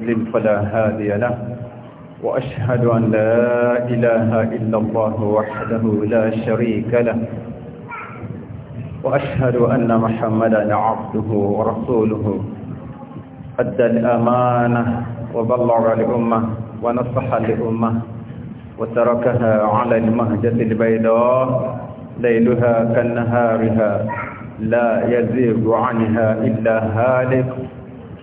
يضلل فلا هادي له وأشهد أن لا إله إلا الله وحده لا شريك له وأشهد أن محمدا عبده ورسوله أدى الأمانة وبلغ الأمة ونصح الأمة وتركها على المهجة البيضاء ليلها كنهارها لا يزيغ عنها إلا هالك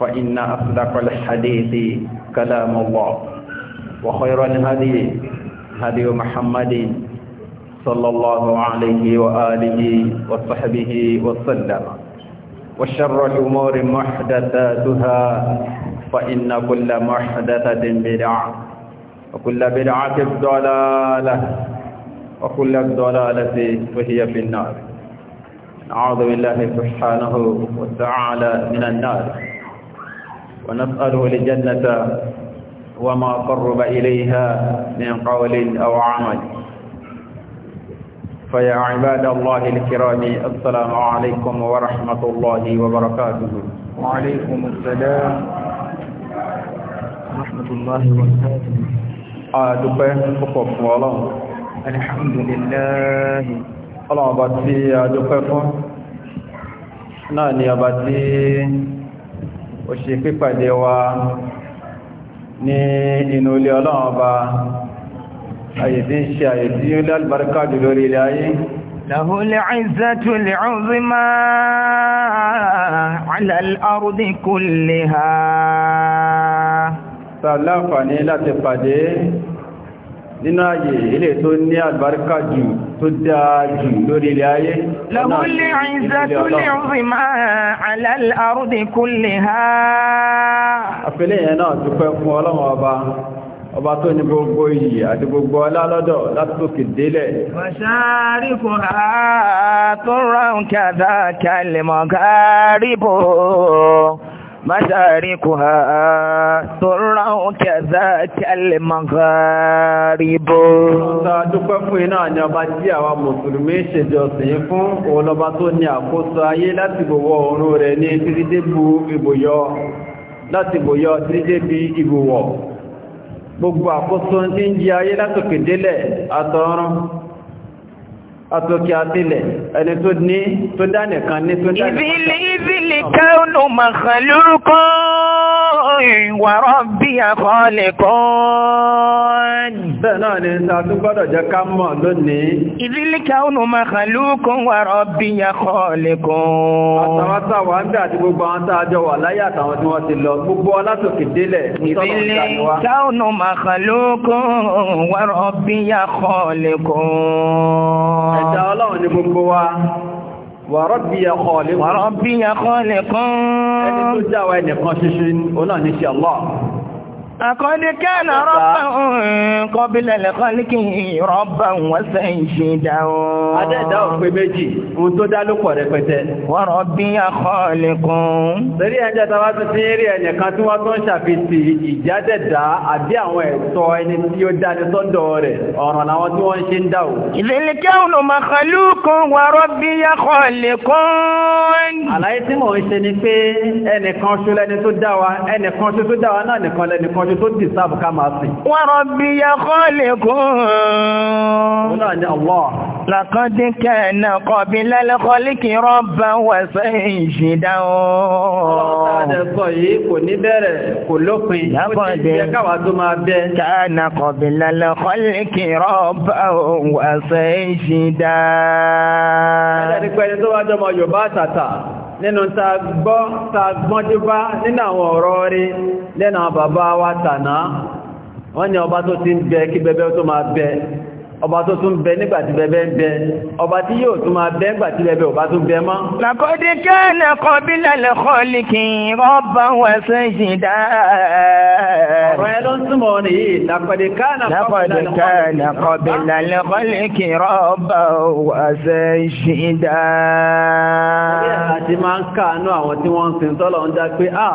فإن أصدق الحديث كلام الله وخير الهدي هدي محمد صلى الله عليه وآله وصحبه وسلم وشر الأمور محدثاتها فإن كل محدثة بدعة وكل بدعة ضلالة وكل ضلالة وهي في النار أعوذ بالله سبحانه وتعالى من النار ونسأله لجنة وما قرب إليها من قول أو عمل فيا عباد الله الكرام السلام عليكم ورحمة الله وبركاته وعليكم السلام ورحمة الله وبركاته أدوبة فقف والله الحمد لله الله أبتي أدوبة فقف ناني أبتي ó ṣe pípàdé wa ní inú ilé ọlọ́run ọba ayè tí ń ṣe ayè tí ó lálùbáríkà jù lórí ilé ayé له العزة العظمى على الأرض كلها. Sàlá àǹfààní láti pàdé nínú ayé ilé tó ní àlùbáríkà jù tó dáa jù lórí ilé ayé. lọ́kúnlé ìzàtúlẹ̀ òfìmá àlàlárùdì kúnlẹ̀ ha. àfẹ́lẹ́ yẹn náà dúpẹ́ fún ọlọ́run ọba ọba tó ní gbogbo iyì àti gbogbo ọlá látòkè délẹ̀. مشارقها ترى كذاك المغارب dúpẹ́ fún iná ni ọba tí àwa mùsùlùmí ṣèjọsìn fún olọba tó ní àkóso ayé láti bòwọ̀ oòrùn rẹ̀ ní títí débù ìbòyọ láti bòyọ títí débi ìbòwọ̀ gbogbo àkóso tí ń jí ayé látòkè délẹ̀ àtọ̀run àtòkè àtìlẹ̀ ẹni tó ní tó dánìkan ní tó dánìkan. ìbílẹ̀ ìbílẹ̀ káwọn ò mà وربي خالقون bẹ́ẹ̀ náà ni ṣàtúgbọ́dọ̀ jẹ́ ká mọ̀ lónìí. Ìdílé káwọn makhalukun wa rabbiya khaliqun. Àtàwátà wà ń bẹ́ àti gbogbo àwọn tààjọ wà láyé àtàwọn tí wọ́n ti lọ gbogbo alátòkè délẹ̀. Ìdílé káwọn makhalukun wa rabbiya khaliqun. Ẹ̀dá ọlọ́run ni Wàrọ́bí ya kọ́ọ̀lẹ́kùn. Ẹni tó jáwà ẹnìkan ṣíṣe, ó náà ní ṣe Allah. أقد كان ربا قبل الخلق ربا وسيدا Adẹ́dá òpé méjì, ohun tó dá ló pọ̀ rẹpẹtẹ. Wa rabbiya khaliqun. Lórí ẹjẹ́ tàbá tún ti rí ẹnìkan tí wọ́n tó ń ṣàfihàn ìjádẹ̀dá àbí àwọn ẹ̀tọ́ ẹni tí ó dá ní sọ́dọ̀ rẹ̀, ọ̀ràn làwọn tí wọ́n ṣe ń dá ò. Ìlẹ́lẹ́ kẹ́hùnù makhluqun wa rabbiya khaliqun. Àlàyé tí mò ń ṣe ni pé ẹnìkan ṣo lẹni tó dá wa, ẹnìkan ṣo tó dá wa náà nìkan lẹnìkan ni tó dì sáàbù ká máa sìn. Wa rabbiya khaliqun. Òun náà ni Allah. Laqad kana qabila al-khalqi pẹ́ni tó wájọ́ mọ Yorùbá àtàtà. nínú ta gbọ́ ta gbọ́njú bá nínú àwọn ọ̀rọ̀ rí lẹ́nà bàbá wa tàná wọ́n ní ọba tó ti ń bẹ kí bẹbẹ tó máa bẹ ọba tó tún bẹ nígbàtí bẹbẹ ń bẹ ọba tí yóò tún máa bẹ nígbàtí bẹbẹ ọba tún bẹ mọ́. làkọ́dé kẹ́ẹ̀nà kọbílà lẹ́kọ́ lè kí rọ́bà lè kí rọ́bà wọ́n ń sin tọ́lọ̀ ń dá yìí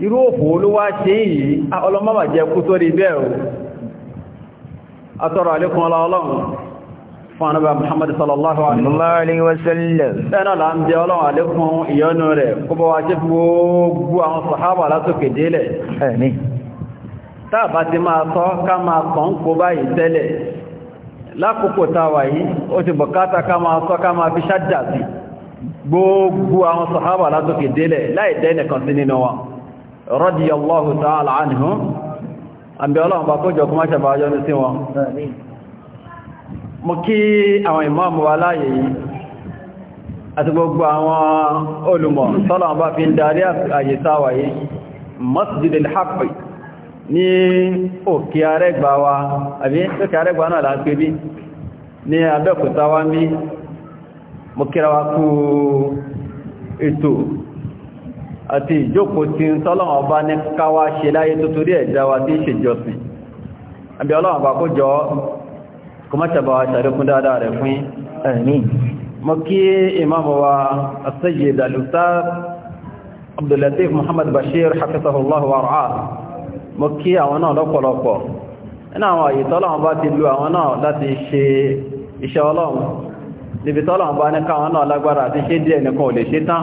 irú òfò ló ṣe yìí ọlọ́mọ́bàjẹ́ kú sórí bẹ́ẹ̀ o atọ́rọ̀ àlékún ọlá ọlọ́run fún ànábà muhammad sallallahu alaihi wasallam ẹ̀nà là ń bẹ ọlọ́run àlékún ìyọ́nú rẹ̀ kó bọ́ wá ṣe gbogbo àwọn sàhábà látòkè délẹ̀ táàbá ti máa sọ ká máa kàn kó báyìí tẹ́lẹ̀ lákòókò táwà yìí ó ti bọ̀kátà àbí ọlọ́run bá kójọ kó má ṣe bàájọ́ ní sí wọn mo kí àwọn ìmáàmù wa láàyè yìí àti gbogbo àwọn olùmọ̀ tọ́lọ̀wọ́n bá fi ń darí àyè sáwà yìí masjid al-haqqi ní òkè arẹ́gbà wa àbí òkè arẹ́gbà náà láti bí ní abẹ́kùtà wa mí mo kíra àti ìjókòó tí ń tọ́lọ́wọ́ bá ní káwá ṣe láyé tó torí ẹ̀dá wa tí ṣe jọsìn àbí ọlọ́wọ́ bá kó jọ kó mọ́ tẹ̀bọ̀ àṣàríkún dáadáa rẹ̀ fún ẹ̀mí mọ́ kí imam Muhammad Bashir hafizahullahu wa ra'ah mọ́ kí àwọn náà lọ́pọ̀lọpọ̀ iná àwọn àyè tọ́lọ́wọ́ bá ti lu àwọn náà láti ṣe iṣẹ́ ọlọ́run níbi tọ́lọ́wọ́ bá ní káwọn náà lágbára àti ṣe díẹ̀ nìkan ò lè ṣe tán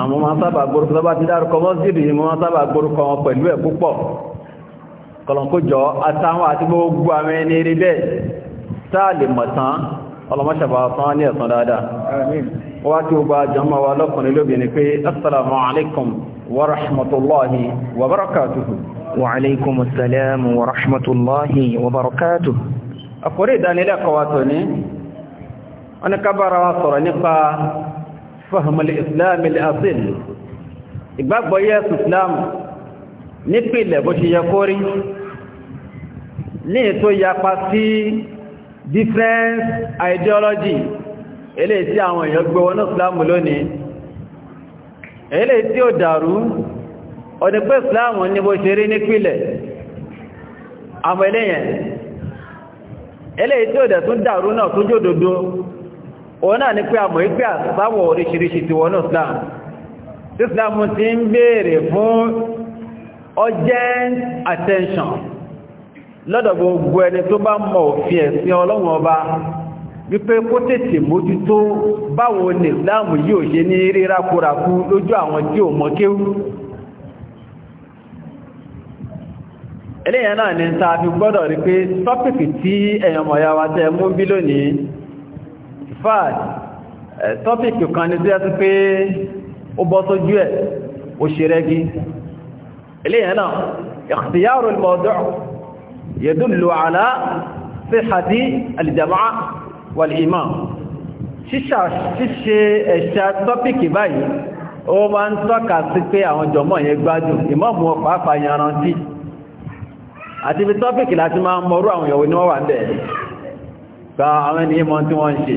àwọn ọmọ sábà gbórúkọ lọ́bá ti dárúkọ mọ́sílì ni wọ́n sábà gbórúkọ wọn pẹ̀lú ẹ̀ púpọ̀ kọlọ̀kójọ àtàwọn àti gbogbo àwọn ẹni rí bẹ́ẹ̀ táà lè mọ̀tán ọlọ́mọ́sàbà tán ní ẹ̀sán dáadáa wa lọ́kùnrin lóbìnrin pé assalamu alaikum wa rahmatullahi wa barakatuhu wa alaikum assalamu ni ká bára wa sọ̀rọ̀ fahimul islam al-asil ìgbàgbọ́ yẹ́sù islam nípìlẹ̀ bó ṣe yẹ kó rí ní ètò yapa sí different ideology eléyìí tí àwọn èèyàn gbé wọnú islam lónìí eléyìí tí ó dàrú ọdí pé islam ní bó ṣe rí nípìlẹ̀ àwọn eléyìn eléyìí tí ó dẹ̀ tún dàrú náà tún jòdòdó òun náà ni pé àmọ̀ ìgbé àtàwọn oríṣiríṣi ti wọ́n náà islam tí islam ti ń béèrè fún urgent attention lọ́dọ̀ gbogbo ẹni tó bá mọ̀ òfin ẹ̀sìn ọlọ́wọ́n ọba wípé kó tètè mójútó báwo ni islam yíò ṣe ní rírakúrakú lójú àwọn tí ò mọ̀ kéwú eléyàn náà ni ta fi gbọ́dọ̀ rí pé tọ́pìkì tí ẹ̀yàn mọ̀yá wa mú bí lónìí fad tọ́pìkì kan ní tí a ti pé ó bọ́ sójú ẹ̀ ó ṣe rẹ́gí eléyìn náà ikhtiyar al-mawdu' yadullu ala sihhati al-jama'a wal-imam ṣíṣe ẹ̀ṣà tọ́pìkì báyìí ó máa ń tọ́ka sí pé àwọn jọmọ́ yẹn gbádùn ìmọ́mù pàápàá yanrantí àti ibi tọ́pìkì láti máa mọ̀rú àwọn ìyọ̀wò ní wọ́n wà ń bẹ̀ẹ̀ gba àwọn ènìyàn tí wọ́n ń ṣe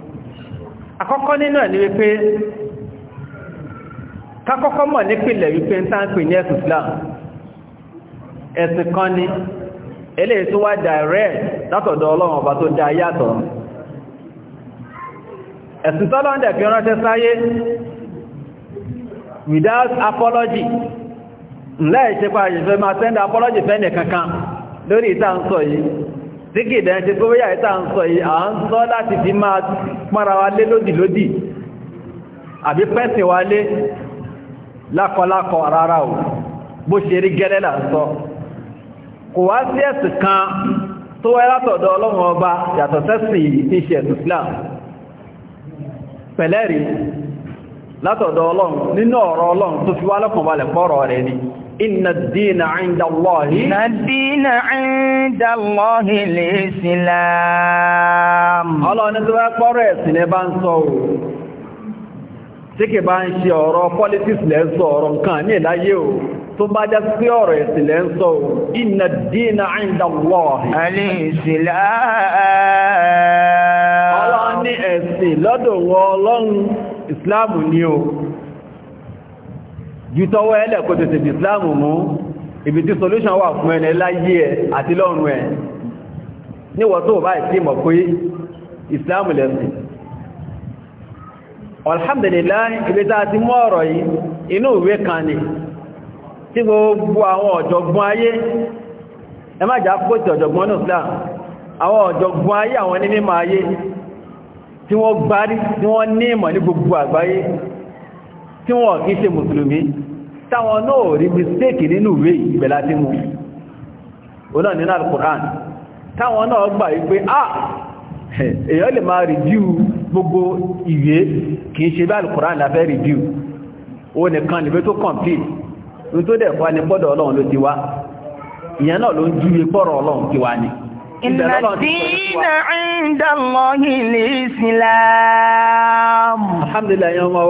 Akọkọ nínú ẹ̀ ni wípé kákọ́kọ́ mọ̀ nípìnlẹ̀ wípé ń tán ní ẹ̀sùn Islam ẹ̀sìn kan ni eléyìí tó wá direct látọ̀dọ̀ Ọlọ́run ọba tó dá yàtọ̀ ẹ̀sìn tọ́lọ́ndẹ̀ fi ránṣẹ́ sáyé without apology ńlẹ́ ìṣẹ́pá ìṣẹ́fẹ́ máa send apology fẹ́ nìkankan lórí tí kì ìdẹ̀ ṣe gbówó yàí tàà ń sọ yìí à ń sọ láti fi máa pọ́nra wa lé lódì lódì àbí pẹ́sìn wa lé lákọlákọ rárá o bó ṣe rí gẹ́rẹ́ là ń sọ kò wá sí ẹ̀sìn kan tó wáyé látọ̀dọ̀ ọlọ́run ọba yàtọ̀ sẹ́sìn إن الدين عند الله إن الدين عند الله الإسلام الله نزوى قريس نبان صور tí kì bá ń ṣe ọ̀rọ̀ politics lẹ́ ń sọ ọ̀rọ̀ nǹkan ní ìláyé o tó bá jẹ́ sí ọ̀rọ̀ ẹ̀sìn lẹ́ sọ inna dina inda Allah al-Islam ọlọ́ni ẹ̀sìn lọ́dọ̀ wọn ọlọ́run ìsìláàmù ni o ju tọwọ́ ẹlẹ̀ kò tètè bí islam mú ibi tí solution wà fún ẹni láyé ẹ àti lọ́run ẹ níwọ̀n tó bá ìsí mọ̀ pé islam lẹ́sìn alhamdulillah ibi tá ti mọ́ ọ̀rọ̀ yìí inú ìwé kan ni tí gbogbo àwọn ọ̀jọ̀gbọ́n ayé ẹ má jà kó tí ọ̀jọ̀gbọ́n ní islam àwọn ọ̀jọ̀gbọ́n ayé àwọn ní mímọ̀ ayé tí wọ́n gbárí tí wọ́n ní ìmọ̀ ní gbogbo àgbáyé tí wọ́n kìí ṣe mùsùlùmí táwọn náà rí mistake nínú ìwé ìbẹ̀lá tí mú ọ̀nà nínú al-Qur'an táwọn náà gbà wípé ah èyàn lè máa review gbogbo ìwé kìí ṣe bí al-Qur'an la fẹ́ review o nìkan lè tó complete ní tó dẹ̀ fà ní pọ́dọ̀ ọlọ́run ló ti wá ìyẹn náà ló ń júwe pọ́rọ̀ ọlọ́run ti wá alhamdulillah yọ́n mọ́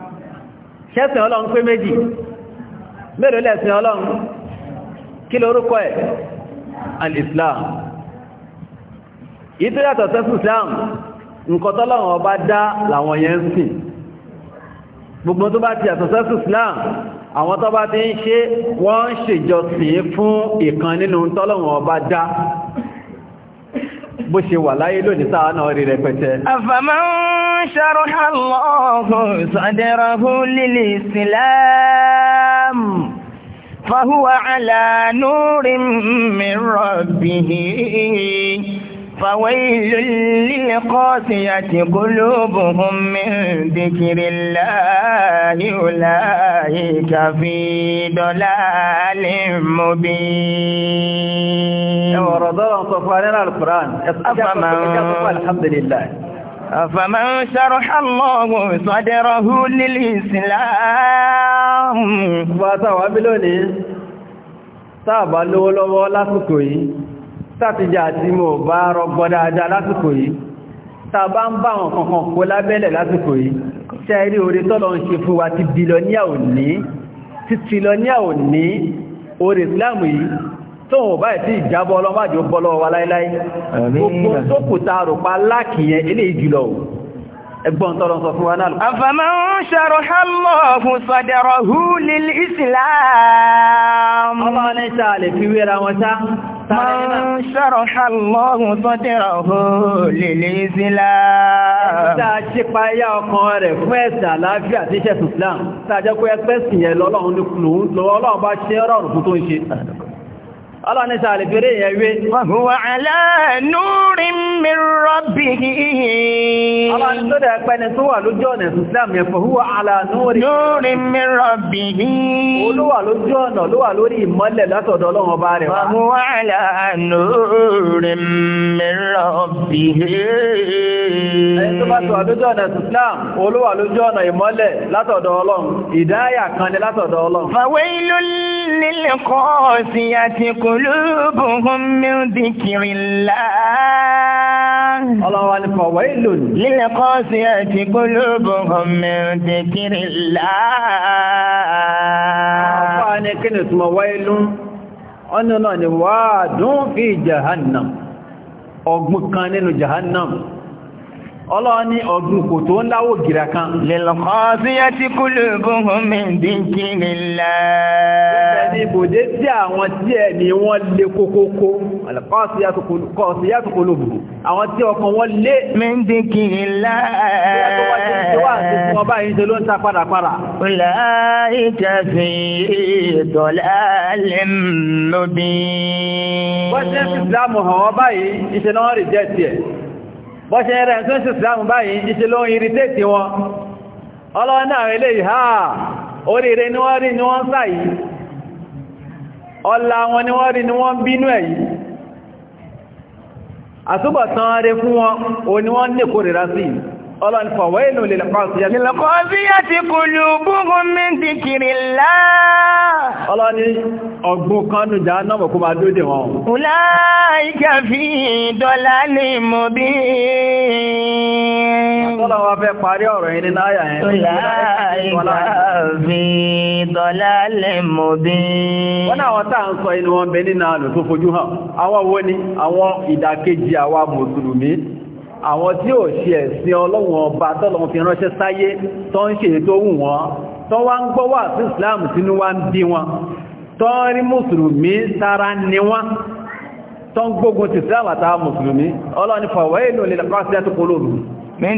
ṣẹ́sìn ọlọ́run pé méjì mẹ́rin lẹ́sìn ọlọ́run kí lórúkọ ẹ̀ al-islam ìtò yàtọ̀ sẹ́sìn islam nǹkan tọ́lọ́run ọba dá làwọn yẹn ń sìn gbogbo tó bá ti yàtọ̀ sẹ́sìn islam àwọn tó bá ti ń ṣe wọ́n ń ṣèjọsìn fún ìkan nínú tọ́lọ́run ọba dá bó ṣe wà láyé lónìí sáà náà rí rẹpẹtẹ. àfàmà ń ṣàròhà lọ́ọ̀hún sọ́dẹ̀rọ̀hún فويل للقاسية قلوبهم من ذكر الله أولئك في ضلال مبين ورضا صفاننا القرآن أفمن الحمد لله أفمن شرح الله صدره للإسلام فاتوا بلوني تابا لولو sátijá àti mò bá rọgbọ́ dáadáa lásìkò yìí ta bá ń bá àwọn kankan kó lábẹ́lẹ̀ lásìkò yìí ṣe rí orí tọ́lọ ń ṣe fún wa ti bilọ́níà ò ní ti trilọ́níà ò ní orí Islam yìí tó wọ́n bá ti ìjábọ́ ọlọ́mọ́jọ́ bọ́lọ́ wa láíláí gbogbo tó kù ta rò pa lákìyẹn eléyìí jùlọ ẹgbọ́n tọ́lọ sọ fún wa náà afẹ́mọ́ ń ṣàrò hálọ́fún sọ̀dẹ̀rọ̀ hù lílì islam ọmọ ní ṣàlẹ̀ fi wéra wọn sá ṣàrò hálọ́fún sọ̀dẹ̀rọ̀ hù lílì islam ẹgbẹ́ta ṣípayá ọkàn rẹ̀ ọlọ́ni sàlẹ̀ fèrè ìyẹ̀wé wà aláàánúrí mìírọ̀bì ọlọ́ni tó dẹ̀ pẹ́ni tó wà lójú ọ̀nà Islam yẹ fòhúwà aláàánúrí mìírọ̀bì olówà lójú ọ̀nà lówà lórí ìmọ́lẹ̀ látọ̀dọ̀ ọlọ́run ọba rẹ̀ wà aláàánúrí mìírọ̀bì ẹni tó bá tó wà lójú ọ̀nà Islam olówà lójú ọ̀nà ìmọ́lẹ̀ látọ̀dọ̀ ọlọ́run ìdáyà kan ni látọ̀dọ̀ ọlọ́run قلوبهم من ذكر الله الله أكبر ويل للقاسية قلوبهم من ذكر الله أنا كنت ويل أننا نواد في جهنم ọgbùn kan nínú jahannam ọlọ́wọ́ ní ọdún kò tó ń láwò gìrà kan lè lọ́kọ́ sí ẹ́ tí kú lè bóhùn mìí dínkì nílẹ̀ ibòdé tí àwọn tí ni wọ́n lè kókókó kọ́ọ̀síyàtòkòlò bùbù àwọn tí ọkàn wọ́n lé mẹ́ndínkì láàá bọ́ṣẹ́ ilé ìhá oríire ni wọ́n rí ni wọ́n sáyìí ọlá wọn ni wọ́n rí ni wọ́n bínú ẹ̀ yìí àtúbọ̀tán rẹ fún wọn o wọ́n ní kórìíra sí yìí ọlọ́ni fọ̀wọ́ inú lè lọ́kọ́síyá ti lọ́kọ́síyá ti kùlù búhùn mi ti kiri láà ni ọgbùn kan nù já náà kó máa dóde wọn ọlá ìkàfí dọ́là lè mọ̀ bí ọlọ́wọ́ fẹ́ parí ọ̀rọ̀ yìí nínú àyà yẹn ọlá ìkàfí dọ́là lè mọ̀ bí wọ́n àwọn tí ò ṣe ẹ̀sìn ọlọ́run ọba tọ́lọ́run fi ránṣẹ́ sáyé tó ń ṣe tó wù wọ́n tó wá ń gbọ́ sí islam sínú wá ń bí wọn tó rí mùsùlùmí sára ní wọn tó ń gbógun ti islam àtàwà mùsùlùmí ọlọ́ni fawailun lil qasiyati qulubihim min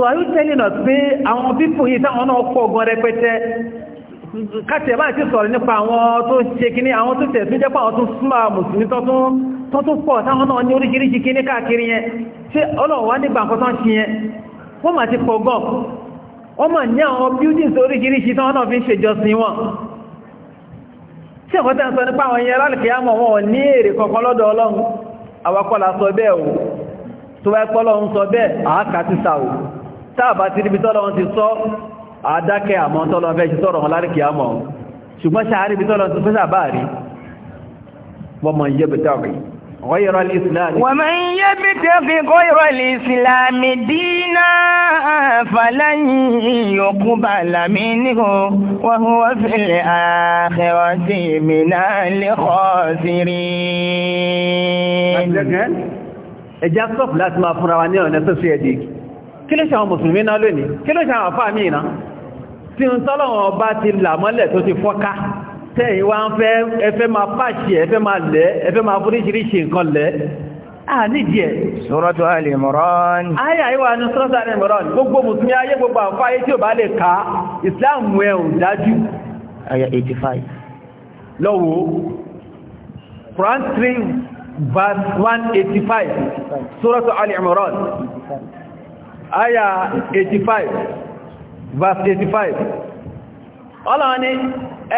So are you telling us pé awon pípò yìí táwọn náà pọ̀ gan rẹpẹtẹ káṣẹ̀ bá ti sọ̀rọ̀ nípa àwọn tó ń ṣe kíní àwọn tó tẹ̀ tún jẹ́ pàwọn tó súnmọ́ mùsùlùmí tó tún pọ̀ táwọn náà ní oríṣiríṣi kíní káàkiri yẹn ṣé ọlọ́run si ti pọ̀ gan wọ́n mà ní àwọn buildings oríṣiríṣi táwọn náà fi ń ṣèjọsìn wọn ṣé táàbà ti ríbi tọ́lọ wọn ti sọ àádákẹ́ àmọ́ tọ́lọ fẹ́ ṣe sọ́rọ̀ wọn láríkì àmọ́ ṣùgbọ́n ṣàárí bí tọ́lọ ti fẹ́sà bá rí wọ́mọ̀ yẹ́ bí tọ́rì sọ́pù láti máa fúnra wa ní ọ̀nà tó sí ẹ̀dìkì kí ló ṣàwọn mùsùlùmí náà lónìí kí ló ṣàwọn àfáà míì náà tí ń tọ́lọ̀wọ̀n bá ti là mọ́lẹ̀ tó ti fọ́ká tẹ́yìn wá ń fẹ́ ẹfẹ́ máa pàṣẹ ẹfẹ́ máa lẹ́ ẹfẹ́ máa fúríṣiríṣi nǹkan lẹ́ àníjẹ́ Suratu Ali Imran ayà ìwà ní Suratu Ali Imran gbogbo mùsùlùmí ayé gbogbo àfáà tí ò bá lè ká Islam ẹ̀ ò dájú ayà 85 lọ́wọ́ Quran 3 185 Suratu Ali Imran aya 85 verse 85 ọlọ́ni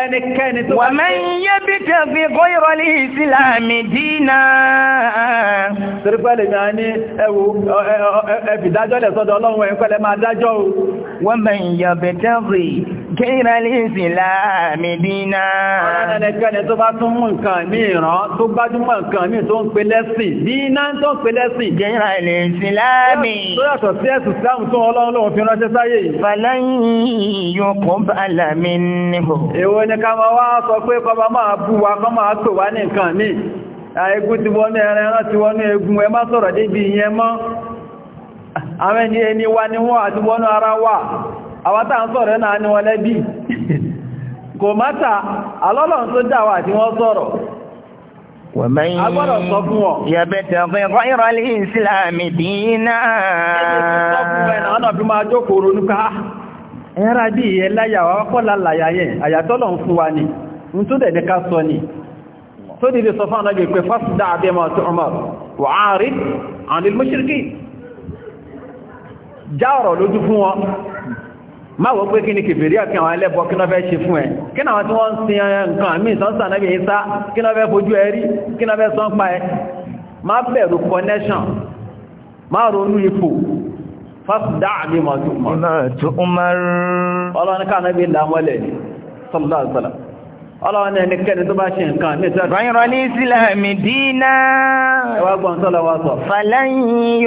ẹnikẹ́ni tó wà mẹ́ yẹ́ bí tẹ̀fí kó ìrọ̀lẹ̀ ìsìláàmì dínà tẹ́rẹ́pẹ́lẹ̀ máa ní ẹwù ẹ̀fìdájọ́ lẹ̀ sọ́dọ̀ ọlọ́run ẹ̀kọ́lẹ̀ máa dájọ́ wọ́n mẹ́ yẹ́ bí tẹ̀fí kó ìrọ̀lẹ̀ ìsìláàmì dínà ẹnikẹ́ni tó bá tún mú nǹkan mí ìran tó gbájúmọ̀ onye ká máa wá sọ pé kọba máa bú wa kọ máa tò wá ní nǹkan ní àìgún ti wọnú ẹran ẹran ti wọnú egun ẹ sọ̀rọ̀ débi ìyẹn mọ́ àwọn ẹni wa ni wọ́n àti wọnú ara wa àwátà ń sọ̀rọ̀ náà ni wọ́n lẹ́bí kò mátà alọ́lọ́n tó dáwà àti wọ́n sọ̀rọ̀ ومن يبتغي غير الإسلام ẹ̀rà bí i ẹláyà wà kọ́lá láyà yẹn àyàtọ́lọ̀ ń fún wa ní ń tó dẹ̀ ní ká sọ ní tó dìde sọ fún ànábì pé fásitì àbẹ́mọ̀ tó ọmọ wà áàrí àwọn ilmọ́ṣirikí já ọ̀rọ̀ lójú fún wọn má wọ́n pé kí ni kèfèrí àti àwọn ẹlẹ́bọ kí náà fẹ́ ṣe fún ẹ kí náà tí wọ́n sin eh, nǹkan àmì ìsọ́nsà náà yìí sá kí náà fẹ́ fojú ẹ kí náà fẹ́ sọ́n pa ẹ má bẹ̀rù connection má ronú ipò فاصدع بما تؤمر بما تؤمر الله انا كان نبي الله ولي صلى الله عليه وسلم الله انا نكن تو باشي كان غير الاسلام دينا واغون صلوات فلن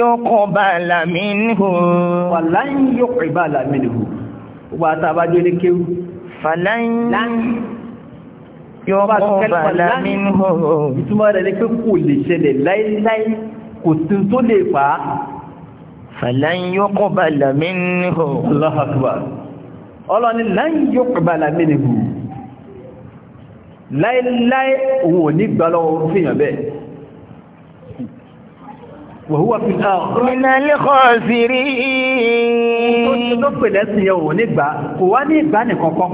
يقبل منه ولن يقبل منه وباتا باجي نكيو فلن يقبل منه ìtumọ̀ rẹ̀ ni pé kò lè ṣẹlẹ̀ láíláí kò sí tó lè fàá falan yuqbala minhu. Allahu akbar ọlọ́ni lan yuqbala minhu láíláí òun ò ní gbà lọ́wọ́ fíyàn bẹ́ẹ̀ wàhúwà fi ààrùn. Nínà lè kọ́ sí rí. Tó pèlẹ̀ sí yẹ òun nígbà, kò wá ní ìgbà nìkan kan.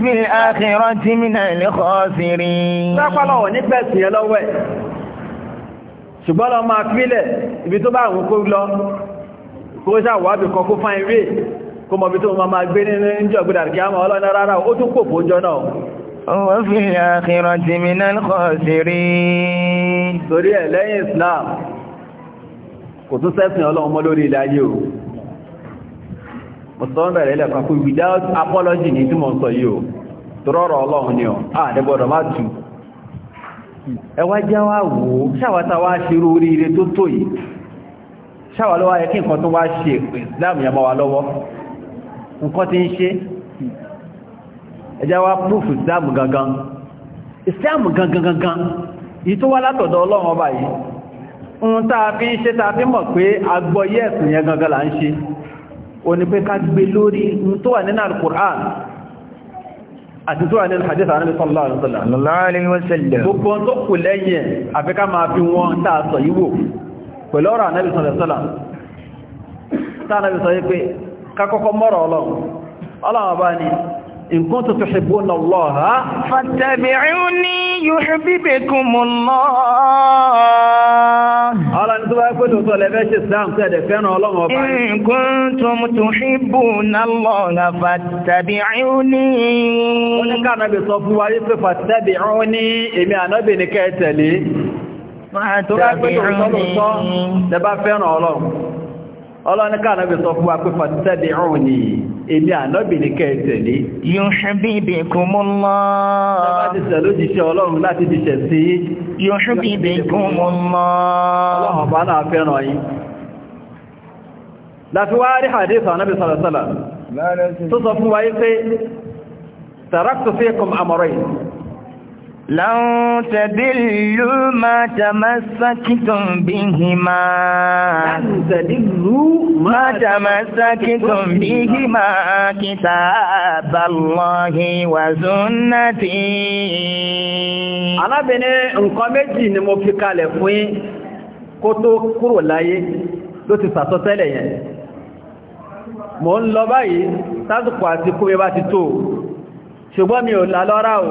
fi ààrùn tí mínà lè kọ́ ṣùgbọ́n lọ máa fílẹ̀ ibi tó bá àwọn kó lọ kó ṣàwọ́bì kan kó fáin rí kó mọ̀ bí tó ma máa gbé nínú ìjọ gbọ́dà kí a máa ọlọ́nà rárá ó tún kò fóójọ náà wa fil akhirati minal khasirin Islam kò tún sẹ́sìn ọlọ́run mọ́ lórí ilẹ̀ ayé without apology ní tí mo ń sọ yìí o tọrọ ọ̀rọ̀ ẹwà jẹ́ wá wò ó ṣàwátá wá ṣe irú oríire tó tó yìí ṣàwà lọ́wọ́ ayẹ kí nǹkan tó wá ṣe ìsìláàmù yàmọ́ wa lọ́wọ́ nǹkan ti ń ṣe ẹjá wá púfù ìsìláàmù gangan ìsìláàmù gangan gangan yìí tó wá látọ̀dọ̀ ọlọ́run ọba yìí ohun fi nse ṣe tá a fi mọ̀ pé agbọ́yẹ̀sìn gangan là ń ṣe ó ní pé ká wa nina àti tó wà nínú hadith Ànábì sallallahu alaihi wasallam gbogbo tó kù lẹ́yìn àfíká máa fi wọn tààsọ yíwò pẹ̀lú ọ̀rọ̀ Ànábì sallallahu alaihi wasallam tààrà Ànábì sọ إن كنتم تحبون الله فاتبعوني يحببكم الله ألا نتبع كل طلبات السلام كده فين الله إن كنتم تحبون الله فاتبعوني ونكا نبي صفو وعيس فاتبعوني إمي نبي نكاتلي فاتبعوني تبع فين الله ọlọ́ni káàlọ́bì sọ fún wa pé fàtẹ́bì ọ̀rùn ni èmi ànọ́bì ní kẹ́ẹ̀tẹ̀lé yuhbibkumullah láti sẹ̀lójíṣẹ́ ọlọ́run láti fi ṣẹ̀ sí yuhbibkumullah ọlọ́run bá náà fẹ́ràn yín láti wá rí hadith ànábì sọ̀rọ̀sọ̀lá tó sọ fún wa yí pé taraktu fikum amrayn لن تدلوا ما تمسكتم بهما لن تدلوا ما تمسكتم بهما كتاب الله وسنتي arábìnrin nǹkan méjì ni mo fi kalẹ̀ fún yín kó tó kúrò láyé ló ti sàtọ́tẹ́lẹ̀ yẹn mo ń lọ báyìí sásùkò àti kúrò bá ti tó ṣùgbọ́n mi ò lálọ́rá o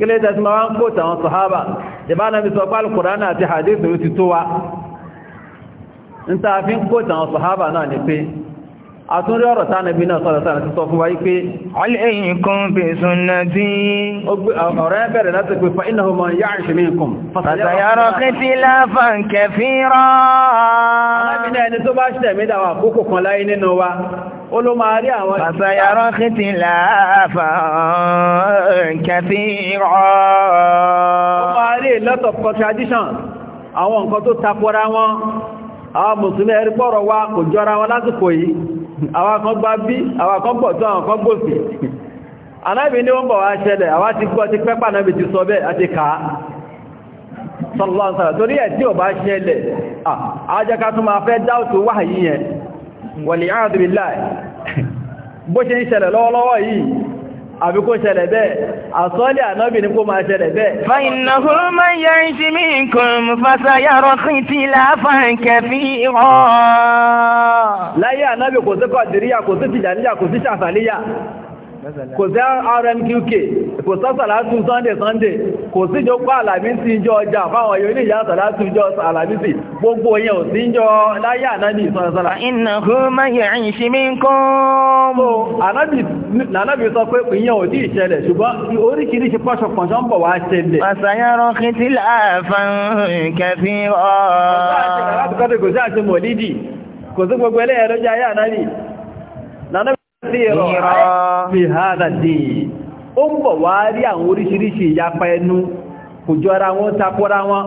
kí lè tẹ́sí máa ń kó tàwọn sọ̀hábà ìbánàbí sọ pàlù kùránà àti hadith ló ti tó wa ń ta fi ń kó tàwọn sọ̀hábà náà ní pé àtúnrí ọ̀rọ̀ tánàbí náà sọ̀rọ̀ sára ti sọ fún wa pé ọlẹ́yìn kan ó ló máa rí àwọn ìgbà. Fàṣàyàrá kìtì láàfà kẹfì rọ̀. Ó máa rí lot of contradiction, àwọn nǹkan tó tapọra wọn, àwọn Mùsùlùmí ẹ̀rí pọ̀rọ̀ wa kò jọra wọn lásìkò yìí, àwọn kan gbá bí, àwọn kan gbọ̀ tó àwọn kan gbòsì. Ànábì ní ó bọ̀ wá ṣẹlẹ̀, àwa ti gbọ́ ti pẹ́ pànábì ti sọ bẹ́ẹ̀ àti kàá. Sọ̀rọ̀lọ́sọ̀rọ̀ torí ẹ̀ tí ò bá ṣẹlẹ̀, àjẹ́ká tún máa fẹ́ dáòtò wáyìí yẹn wàlẹ̀ àdìbìlá bó ṣe ń ṣẹlẹ̀ lọ́wọ́lọ́wọ́ yìí àbí kó ṣẹlẹ̀ bẹ́ẹ̀ àsọ́lẹ̀ ànábì ní kó máa ṣẹlẹ̀ bẹ́ẹ̀. fàyínàhó máa yẹ ìṣí mi nǹkan fàṣà yàrá sí ti láàfà kẹfì kò sí rmqk kò sásàlátù sunday sunday kò sí jọ pá àlàmísì ìjọ ọjà fáwọn yóò ní ìyá sàlátù ìjọ àlàmísì gbogbo yẹn ò sí ìjọ láyé ànábì sọ́nàsọ́nà innahu man ya'ish minkum ànábì sọ pé ìyẹn ò tí ìṣẹ̀lẹ̀ ṣùgbọ́n oríṣiríṣi pọ́ṣọpọ̀ṣọ́ ń bọ̀ wá ṣẹlẹ̀ àṣàyàrọ̀ kìtìláàfàn kẹfì ọ́ kò sí gbogbo ẹlẹ́yẹ lọ́jọ́ ayé ànábì ó ń bọ̀ wá rí àwọn oríṣiríṣi ìyapa ẹnu kò jọra wọn tapọ́ra wọn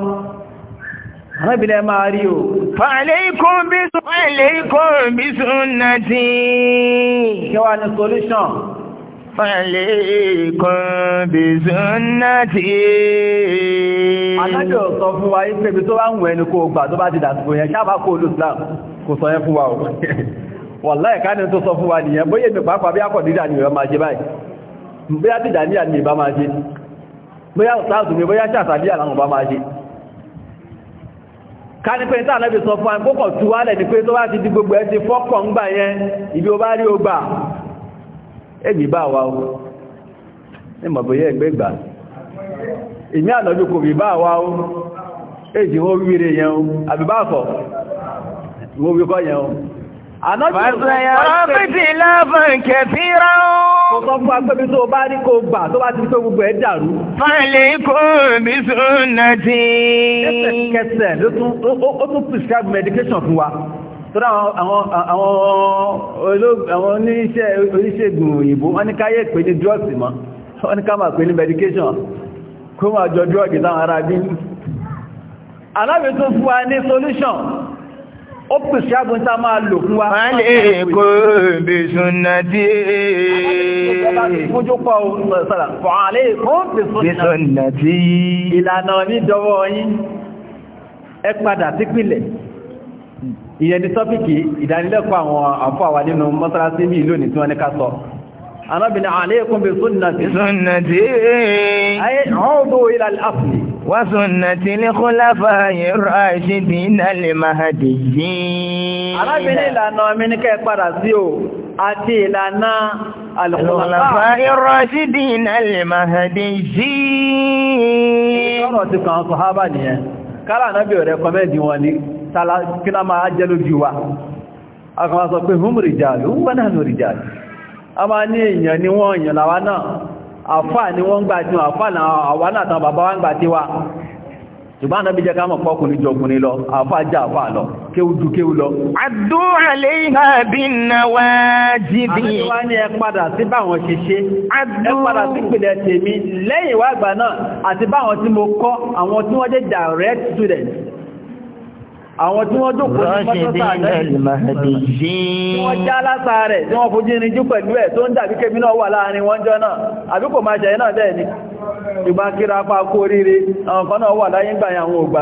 arábìnrin máa rí o fa'alaykum bí fa'alaykum bí sunnati kí wá ní solution fa'alaykum bí sunnati alájọ̀ sọ fún wa ipẹ́ ibi tó bá ń wẹ̀ ní kó gbà tó bá ti dàsìkò yẹn ṣáàbá kó olùslam kò sọ yẹn fún wa o wàláì káàdì tó sọ fún wa nìyẹn bóyá èmi pàápàá bí akọ̀dídà ni ìwọ máa ṣe báyìí bóyá tìjàníyà ni ìbá máa bóyá sáàtù mi bóyá máa pé sọ fún wa ni pé tó bá ti di gbogbo ẹ ti ń gbà yẹn ibi ó bá rí ó èmi o ní mọ̀ bóyá ẹgbẹ́ gbà èmi ànábì kò bí bá wa o èjì wọn wíire yẹn o àbí bá fọ̀ wíkọ́ yẹn Fàṣẹyàrá pìtì lábọn kẹfìrá ó. Kò sọ fún agbẹ́bí tó bá rí kò gbà tó bá ti tó gbogbo ẹ̀ dàrú. Fàlẹ̀ kò bí sọ́nà tí. Kẹsẹ̀kẹsẹ̀ ló tún prescribe medication fún wa. Tọ́lá àwọn oníṣẹ́ oníṣègùn òyìnbó, wọ́n ní káyé pé ní drugs mọ́, wọ́n ní ká máa pè ní medication, kó máa jọ drugs láwọn ará bí. Alábẹ̀ tó fún wa ní solution ó pè sí àbúntà máa lò fún wa. wọ́n lè kó bìsùnà tí. fúnjúpọ̀ sọ̀rọ̀ fọ̀n lè kó bìsùnà tí. ìlànà ni tọ́pìkì ìdánilẹ́kọ̀ọ́ àwọn àfọwà nínú mọ́sálásí mi lónìí tí wọ́n ní ká sọ arábìnrin àlékún bí sunnati sunnati ayé ọdún ilẹ̀ aláfíì wàsùnnàtí ní kúláfà yẹ̀rọ àṣìdì ìnàlè mahadì yìí arábìnrin ìlànà mi ní kẹ́ padà sí o àti ìlànà alùkúláfà yẹ̀rọ àṣìdì ìnàlè mahadì yìí ọ̀rọ̀ ti kàn sọ̀hábà nìyẹn kára náàbí ọ̀rẹ́ kọmẹ́dì wọn ni tààlá kí náà máa jẹ́ lójú wa akọ̀wà sọ pé hum rìjàlù wọ́n náà rìjàlù a máa ní èèyàn ni wọ́n èèyàn làwa náà àfà ni wọ́n gbà tí wọ́n àfà àwọn náà tán bàbá wọ́n gbà tí wá ṣùgbọ́n ànábì jẹ́ ká mọ̀ pọ́kùnrin jọkùnrin lọ àfà já àfà lọ kéwú ju kéwú lọ addu alayha bin nawajibi àti wá ní ẹ padà sí báwọn ṣe ṣe ẹ padà sí ìpìlẹ̀ tèmi lẹ́yìn wá àgbà náà àti báwọn tí mo kọ́ àwọn tí wọ́n jẹ́ direct students àwọn tí wọ́n jókòó ní mọ́tọ́ta àgbẹ̀rẹ̀ tí wọ́n já látà rẹ̀ tí wọ́n fojú irinjú pẹ̀lú ẹ̀ tó ń dàbí kébí náà wà láàrin wọ́n jọ náà àbí kò máa ṣẹ̀yẹ́ náà bẹ́ẹ̀ ni ìgbà kíra pa kó àwọn kan náà wà láyé gbà àwọn ògbà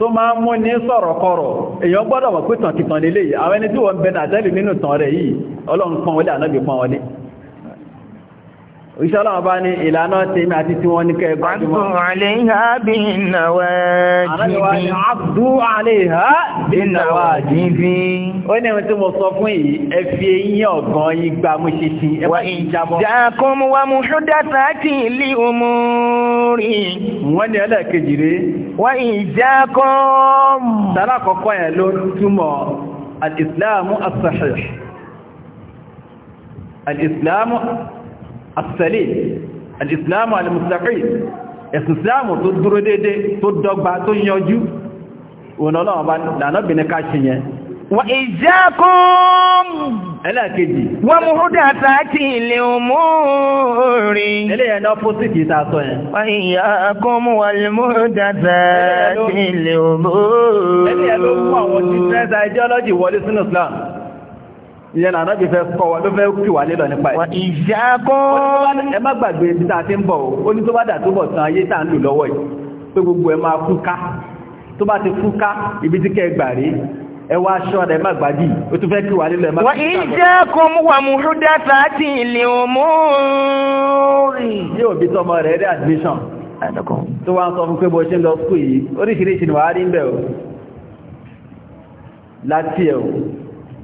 tó máa mú ní sọ̀rọ̀kọ̀rọ̀ èèyàn gbọ́dọ̀ wọ̀ pé tàn kìtàn lélẹ́yìí àwọn ẹni tí wọ́n bẹ̀rẹ̀ àtẹ́lù nínú tàn rẹ̀ yìí ọlọ́run pọ́n wọlé ànábì pọ́n wọlé Ìṣọ́lọ́wọ́ bá ní ìlànà tèmi àti tí wọ́n ní kẹ́ ẹgbẹ́ ọdún. Àbdú àléhà bí ìnàwà jíbí. Àbdú àléhà bí ìnàwà jíbí. Ó ní ẹ̀wọ̀n tí mo sọ fún yìí, ẹ fi àkọ́kọ́ yẹn ló túmọ̀ al-Islamu as àtìsẹ̀lẹ̀ alìsìláàmù alìmùsàkì ẹ̀sìsìláàmù tó dúró dédé tó dọ́gba tó yanjú ẹlẹ́ẹ̀kejì wọ́n mú húdá sáàtì ilé òmúrí eléyẹ̀ náà pósìtì ìtàtọ̀ ẹ̀ wọ́n ìyá kún mú wà lè mú húdá sáàtì ilé òmúrí ẹlẹ́yẹ̀ ló ìyẹn náà bí fẹ́ kọ́ wọn ló fẹ́ kí wà lélọ nípa ẹ̀. ìṣàkọ́. ẹ má gbàgbé ibi tá a ti ń bọ̀ ó ní tó bá dà tó bọ̀ tán ayé tá à ń lò lọ́wọ́ yìí pé gbogbo ẹ máa kú ká tó bá ti kú ká ibi tí kẹ́ gbà rí ẹ wá aṣọ rẹ̀ má gbàdí ó tún fẹ́ kí wà lélọ ẹ má kú ká. wà ìṣàkùn wà múhúdá fàájì ilé òmùúrì. yóò bí tọmọ rẹ̀ rí admission tó wá ń sọ fún pé bó ṣe ń lọ skul yìí oríṣiríṣi ni wàá rí ń bẹ̀ o láti ẹ̀ o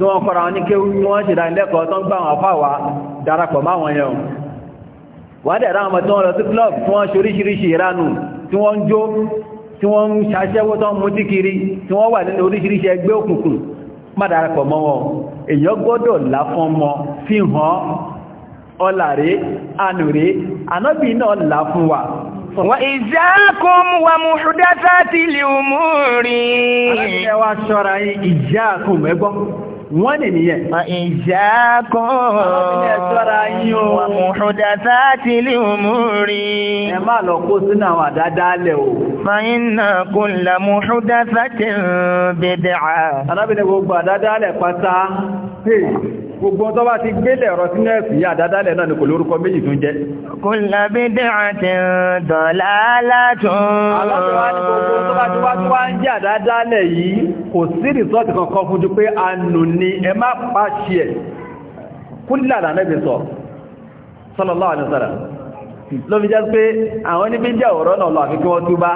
tí wọ́n kọ́ra wọn ní kí wọ́n ṣe ìdánilẹ́kọ̀ọ́ tó ń gbà wọn fáwà darapọ̀ máwọn yẹn wọ́n dẹ̀ ráwọn tí wọ́n lọ sí club tí wọ́n ṣoríṣiríṣi ìranù tí wọ́n ń jó tí wọ́n ń ṣaṣẹ́wó tó ń mú tí kiri tí wọ́n wà nínú oríṣiríṣi ẹgbẹ́ òkùnkùn má darapọ̀ mọ́ wọn èyàn gbọ́dọ̀ láfọ́n wa wa ìjákùn wa lè mú rí ẹwà ṣọ́ra ìjákùn ẹgbọ́n wọ́n lè nìyẹn. ìṣàkó ọ̀húndàtà ti lè mú rí. ẹ má lọ kó sínú àwọn àdádálẹ̀ o. fàyínà kò lámú ọ̀húndàtà ti bẹ̀bẹ̀ à. arábìnrin gbogbo àdádálẹ̀ pátá gbogbo tó bá ti gbélẹ̀ ọ̀rọ̀ sínú ẹ̀sìn yà dádálẹ̀ náà ni kò lórúkọ méjì tún jẹ́. kò lábí dára ti dọ̀lá látún. aláàbẹ̀wá ni gbogbo tó bá ti wá ń jẹ́ àdádálẹ̀ yìí kò sí rìsọ́ọ̀tì kankan fún ju pé a nù ní ni ẹ má pa ṣe ẹ̀ kúlà lànàbì sọ sallallahu alaihi ló fi jẹ́ pé àwọn níbi jẹ́ ọ̀rọ̀ náà lọ àfikún wọn túbá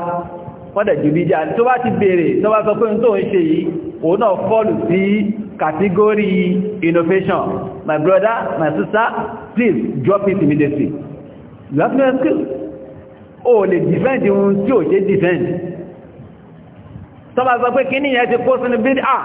wọ́n dẹ̀ jù bí jẹ́ tó bá ti bèèrè tó bá sọ pé tó ń ṣe yìí òun náà fọ́lù sí category innovation my brother my sister please drop it immediately you have no o le defend ohun tí ò ṣe defend tó bá sọ pé kí ní yẹn ti kó sínú bí ah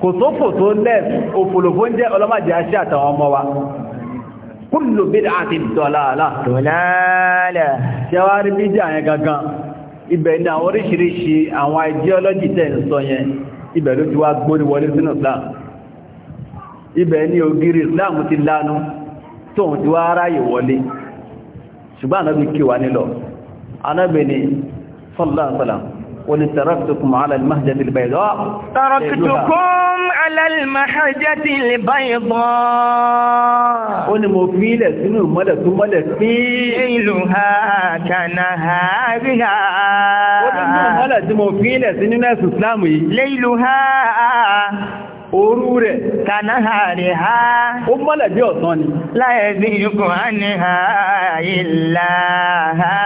kò sófò tó lẹ́ òfòlòfò ń jẹ́ ọlọ́màjẹ́ aṣẹ́ àtàwọn ọmọ wa kúlù bídá àti dọ̀láàlá dọ̀láàlá ṣẹwárí bídá yẹn gangan ibẹ̀ ní àwọn oríṣiríṣi àwọn ideology tẹ́ ń sọ yẹn ibẹ̀ ló ti wá gbórí wọlé sínú Islam ibẹ̀ ní ògiri Islam ti lánú tóhun ti wá ráyè wọlé ṣùgbọ́n anábì kí wa nílọ anábì ni sallallahu alaihi wasallam ولتركتكم تركتكم على المهجة البيضاء تركتكم على المهجة البيضاء قل سنو ملك ملك ليلها كنهارها قل مفيلة سنو ناس اسلامي ليلها Oru rẹ̀ tànáhà rẹ̀ ha ó mọ́lẹ̀ bí ọ̀sán ni láẹ̀bí ikùn á ní ha ìlà ha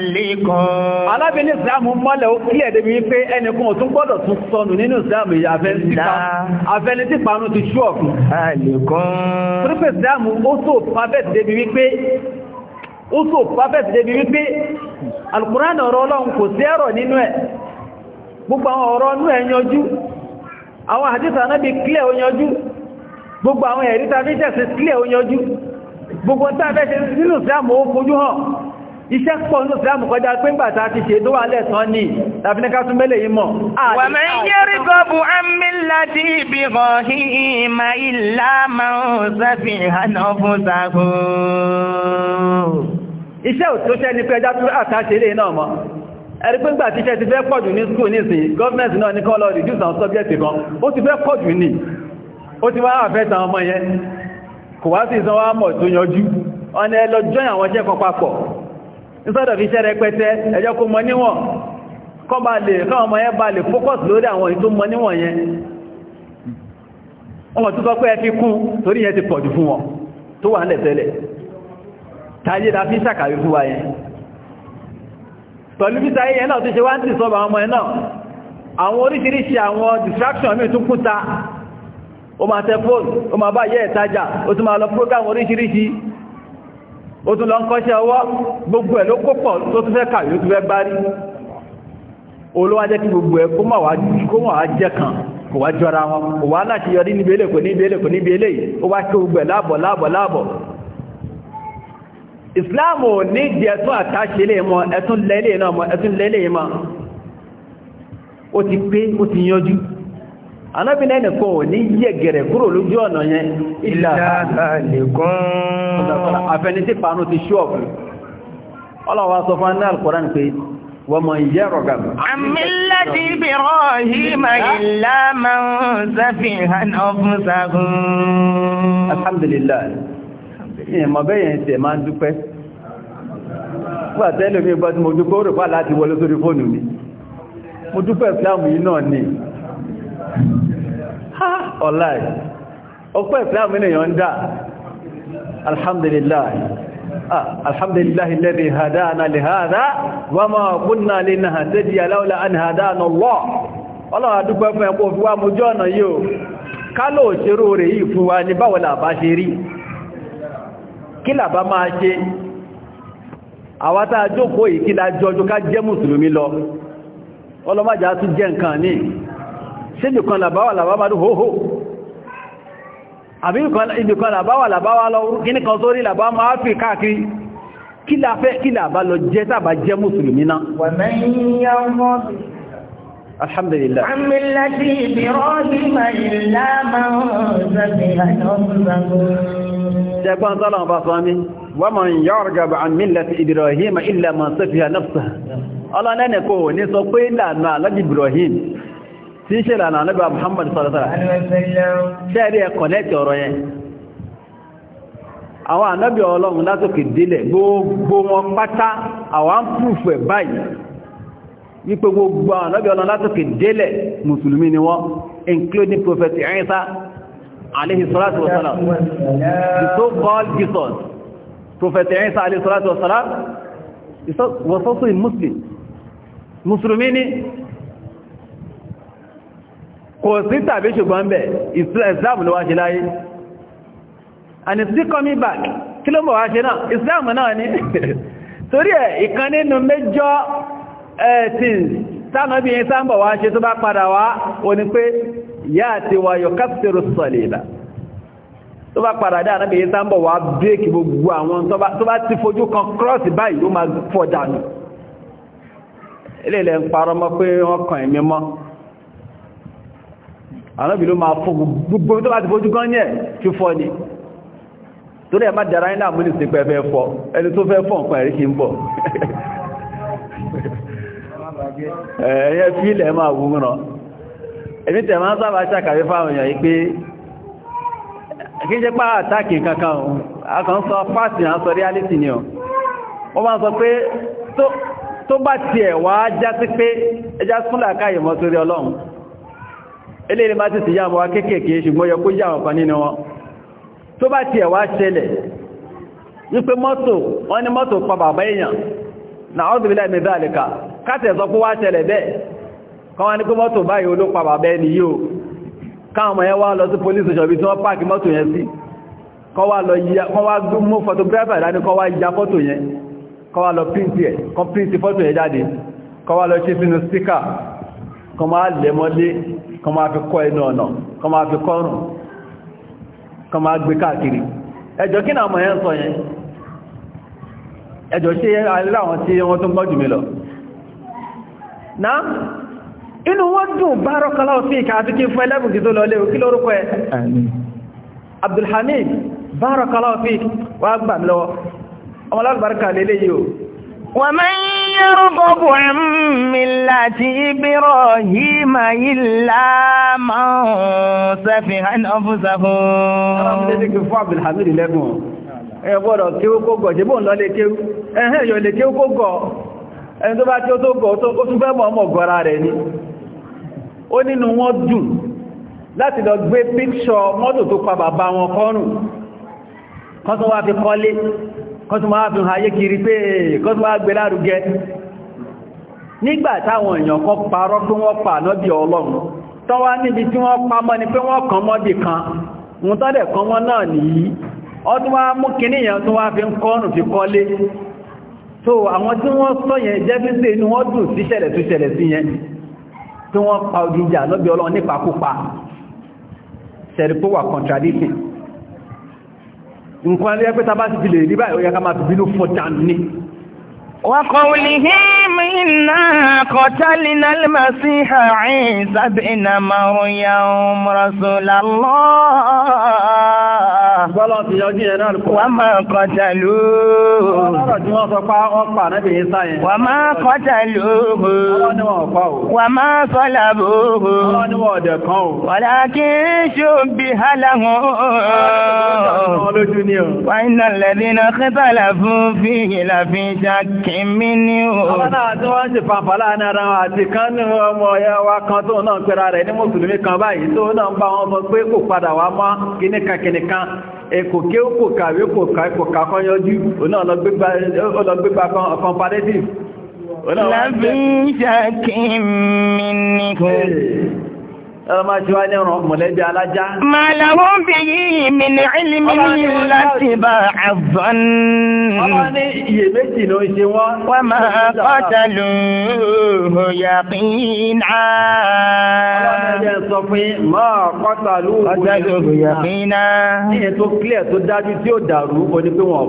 lẹ́kùn ìsìlámù mọ́lẹ̀ ó kílẹ̀ débi wípé ẹnìkan ò gbọ́dọ̀ tún sọnù nínú ìsìlámù afẹ́ni ti ṣú gbogbo àwọn ọ̀rọ̀ ọ̀nú àwọn àdísà náà bí clear oyanjú gbogbo àwọn ẹ̀rí tàbí ìṣẹ̀sì clear oyanjú gbogbo tàbí ṣe nínú ìsìlámù ó fojú hàn iṣẹ́ pọ̀ nínú ìsìlámù kọjá pé ńgbàtà ti ṣe tó wà lẹ́sàn ní tàbí yìí mọ̀ ẹ̀rí pé ńgbà tíṣẹ́ ti fẹ́ pọ̀jù ní skúl nísìn gọ́ọ̀mẹ́ntì náà ní kọ́lọ̀ reduce àwọn sọ́bjẹ́tì kan ó ti fẹ́ pọ̀jù ní ó ti wá àfẹ́ta ọmọ yẹn kò wá sí ìsanwó àmọ̀ tó yanjú ọ̀nà ẹ lọ jọ́yìn àwọn iṣẹ́ kan papọ̀ nísọ́dọ̀ fi iṣẹ́ rẹpẹtẹ ẹjọ́ kó mọ níwọ̀n kọ́ bá lè káwọn ọmọ yẹn bá lè fókọ̀sì lórí àwọn èyí tó mọ níwọ̀n yẹn wọ́n tó sọ pé ẹ fi kún torí yẹn ti pọ̀jù fún wọn tó wà ń lẹ̀ tẹ́lẹ̀ táyé la fi ń ṣàkàwé fún wa yẹn pẹ̀lú mítà ẹ̀yẹ náà tó ṣe wá ń tì sọ́bà ọmọ ẹ̀ náà àwọn oríṣiríṣi àwọn distraction mi tún kúta o máa tẹ fóònù o máa bá yẹ ìtajà o tún máa lọ program oríṣiríṣi o tún lọ ń kọ́ṣẹ́ ọwọ́ gbogbo ẹ̀ ló kópọ̀ tó tún fẹ́ kàwé tó fẹ́ bá rí kí gbogbo islam ò ní ìdí ẹ̀tún àtàṣe lè mọ́ ẹ̀tún lẹ́lẹ̀ náà mọ́ ẹ̀tún lẹ́lẹ̀ mọ́ ó ti pé ó ti yanjú anábìnà ẹnìkan ò ní yẹ gẹ̀rẹ̀ kúrò lójú ọ̀nà yẹn ìlà àfẹnití panu ti ṣọ́ọ̀bù ọlọ́wà sọ fún anáà Al-Qur'an pé ومن يرغب عن ملة ìmọ̀ bẹ́yẹn tẹ̀ máa ń dúpẹ́ pàtẹ́lò mi bọ́tí mo dúpẹ́ ó rò pà láti wọlé sórí fóònù mi mo dúpẹ́ ìsìláàmù yìí náà ni ha ọ̀láì ọpẹ́ ìsìláàmù ènìyàn ń dà alhamdulillah alhamdulillah alladhi hadana li hadha wa ma kunna linahtadiya lawla an hadana Allah ọlọ́run adúpẹ́ fún kí làbá máa ṣe àwátá jókòó yìí kí lájọjú ká jẹ́ mùsùlùmí lọ ọlọ́májá tún jẹ́ nǹkan ní ṣíbìkan làbáwà làbáwà ló hóhó àbí ibìkan làbáwà làbáwà lọ kíní kan sórí làbáwà máa fi káàkiri kí la fẹ́ kí la bá lọ jẹ́ tàbá jẹ́ mùsùlùmí náà alhamdulillah amílẹ́sí ìbírọ́ ṣẹgbọ́n tọ́lọ̀ bá sọ ní wọ́mọ̀ yarghabu an millati Ibrahim illa man safiha Allah ọlọ́nẹ́nì kò ní sọ pé ìlànà Ibrahim tí ṣe ìlànà Muhammad sallallahu alaihi wasallam ṣẹ́rí ẹ kọ̀lẹ́tì gbogbo alayhi salatu wasalam the so-called Jesus Prophet Isa alayhi salatu wasalam was also a Muslim Mùsùlùmí ni kò sí tàbí ṣùgbọ́n bẹ̀ Islam ló wá ṣe láyé and it's still coming back kí ló mọ̀ wá ṣe náà Islam náà ni torí ẹ̀ ìkan nínú major eh, things tánàbí Isa ń bọ̀ wá ṣe tó bá padà wá o ni pé yáàtí wa yọ káfíru sọ̀lẹ̀lá tó bá padà dáa náà yíta ń bọ̀ wá bíèkì gbogbo àwọn tó bá ti fojú kan kírọ́sì báyìí ó máa fọ́ dànù ilẹ̀ ń parọ́ mọ́ pé wọ́n kàn ẹ̀mí mọ́ àwọn ìlú máa fọ́ gbogbo tó bá ti fojú kan yẹ̀ fífọ́ ni torí ẹ̀ má dára iná àmúlì sí pẹ́ fẹ́ fọ́ ẹni tó fẹ́ fọ́ nǹkan ẹ̀rí fílẹ̀ máa wú èmi tẹ̀ máa ń sábà ṣàkàwé fáwọn èèyàn yìí pé kí jẹ́ pá àtàkì kankan akàn sọ fásitì à ń sọ reality ni ọ wọ́n máa sọ pé tó bá tiẹ̀ wá já sí pé ẹjá súnlẹ̀ àkáyè mọ́ sórí ọlọ́run eléèrè má ti sì yá àwọn kéékèèké ṣùgbọ́n yẹ kó yá àwọn kan nínú wọn tó bá tiẹ̀ wá ṣẹlẹ̀ wípé mọ́tò wọ́n ní mọ́tò pa bàbá èèyàn náà ọ́dùnmílẹ̀ mẹ́bẹ́ àlẹ́kà káàtẹ̀ sọ pé kan wá ní pé mọ́tò báyìí olópa bàbá ẹni yóò káwọn ọmọ yẹn wá lọ sí police ṣọ̀bí tí wọ́n páàkì mọ́tò yẹn sí kan wá mú photographer ìdání kan wá ya fọ́tò yẹn kan wá lọ print ẹ̀ kan print fọ́tò yẹn jáde kan wá lọ ṣe sínú sticker kan máa lẹ̀ mọ́lé kan máa fi kọ́ ẹnu ọ̀nà kan máa fi kọ́rùn kan máa gbé káàkiri ẹjọ́ kí náà mọ̀ yẹn sọ yẹn ẹjọ́ ṣe aláwọn tí wọ́n tó gbọ́jù mi lọ náà inú wọ́n dùn bárakọláwọ̀ sí ìkà àti kí fún ẹlẹ́bùn tí tó lọ léwu kí ẹ̀ Abdulhamid bárakọláwọ̀ sí wà gbà lélé yìí wa man yarghabu an millati Ibrahima illa man safiha nafsahu ẹgbọ́dọ̀ kí ó kó gọ̀ lè kéwú ẹ̀hẹ́ kó gọ̀ ẹni tó bá tí ó tó ọmọ rẹ̀ ó nínú wọn dùn láti lọ gbé píkṣọ mọ́tò tó pa bàbá wọn kọ́rùn kan tó wá fi kọ́lé kan tó wá fi hayé kiri pé kan tó wá gbé lárugẹ nígbà táwọn èèyàn kan parọ́ pé wọ́n pa ànábì ọlọ́run tó wá níbi tí wọ́n pa mọ́ ni pé wọ́n kàn mọ́bì kan mú tọ́lẹ̀ kan wọ́n náà nìyí ọdún wá mú kí tó wá fi ń kọ́rùn fi kọ́lé so àwọn tí wọ́n sọ yẹn jẹ́bí sí inú wọ́n dùn sí ṣẹlẹ̀ tó ṣẹlẹ̀ sí yẹn tí wọ́n pa ògìjà lọ́bí ọlọ́run nípakúpa ṣẹ̀rìpó wà contradiction nǹkan ẹlẹ́yẹ pé tábà ti fi lè rí báyìí ó máa fi bínú fún tán ní. وقولهم Bọ́lọ̀ ti yọjú ẹ̀ náà kò. Wà máa kọjá lóòó. Ọlọ́rọ̀ tí wọ́n sọ pa ọpà náà bí i sáyẹn. Wà máa kọjá lóòó. Ọlọ́ ni wọ́n pa ò. Wà máa sọ́là bóòó. Ọlọ́ ni wọ́n ọ̀dẹ̀ kan ò. Wàlá kí ṣó bí hálàhùn. Ọlọ́jú ni ò. Wà iná lẹ́bí iná kẹtàlá fún fi ìlà fi já kìmí ni ò. Àwọn náà tí wọ́n ṣe fàǹfà láàárín ara wọn àti kan ní ọmọ ọ̀yá wa kan tó náà pẹ́ra rẹ̀ ní Mùsùlùmí kan báyìí tó náà ń bá wọn sọ pé kò padà èkòké kò kàwé kò kàkọ́ yọjú oná ọlọ́gbégbà comparative. Lábí ṣàkí mi ní kò ẹlọ́mà ṣe wá ní ọ̀rọ̀ mọ̀lẹ́bí alájá. ma làwọn bí yìí mi ní ilimi láti bá àbọ̀n. ọmọ ní iye ló ṣe wọ́n. wọ́n máa kọ́ta ló yà pínà. ọlọ́dẹ̀ sọ fún máa kọ́ta ló yà ní clear tó dájú tí ó dàrú ó ní pé wọ́n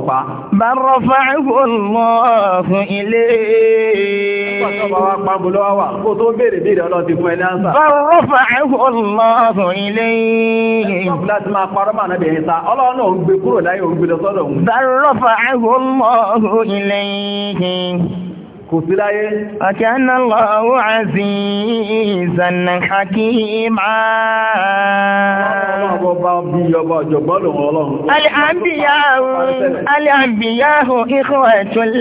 rọ̀fàáhù ọlọ́hùn ilé yìí. láti máa parọ́ máa nàbẹ̀ ẹ̀ta ọlọ́run náà ń gbé kúrò láyé òun gbé lọ sọ́dọ̀ yìí kò sí láyé. Ọ̀kẹ́ Allahu azizan hakima. Al-anbiya'u ikhwatul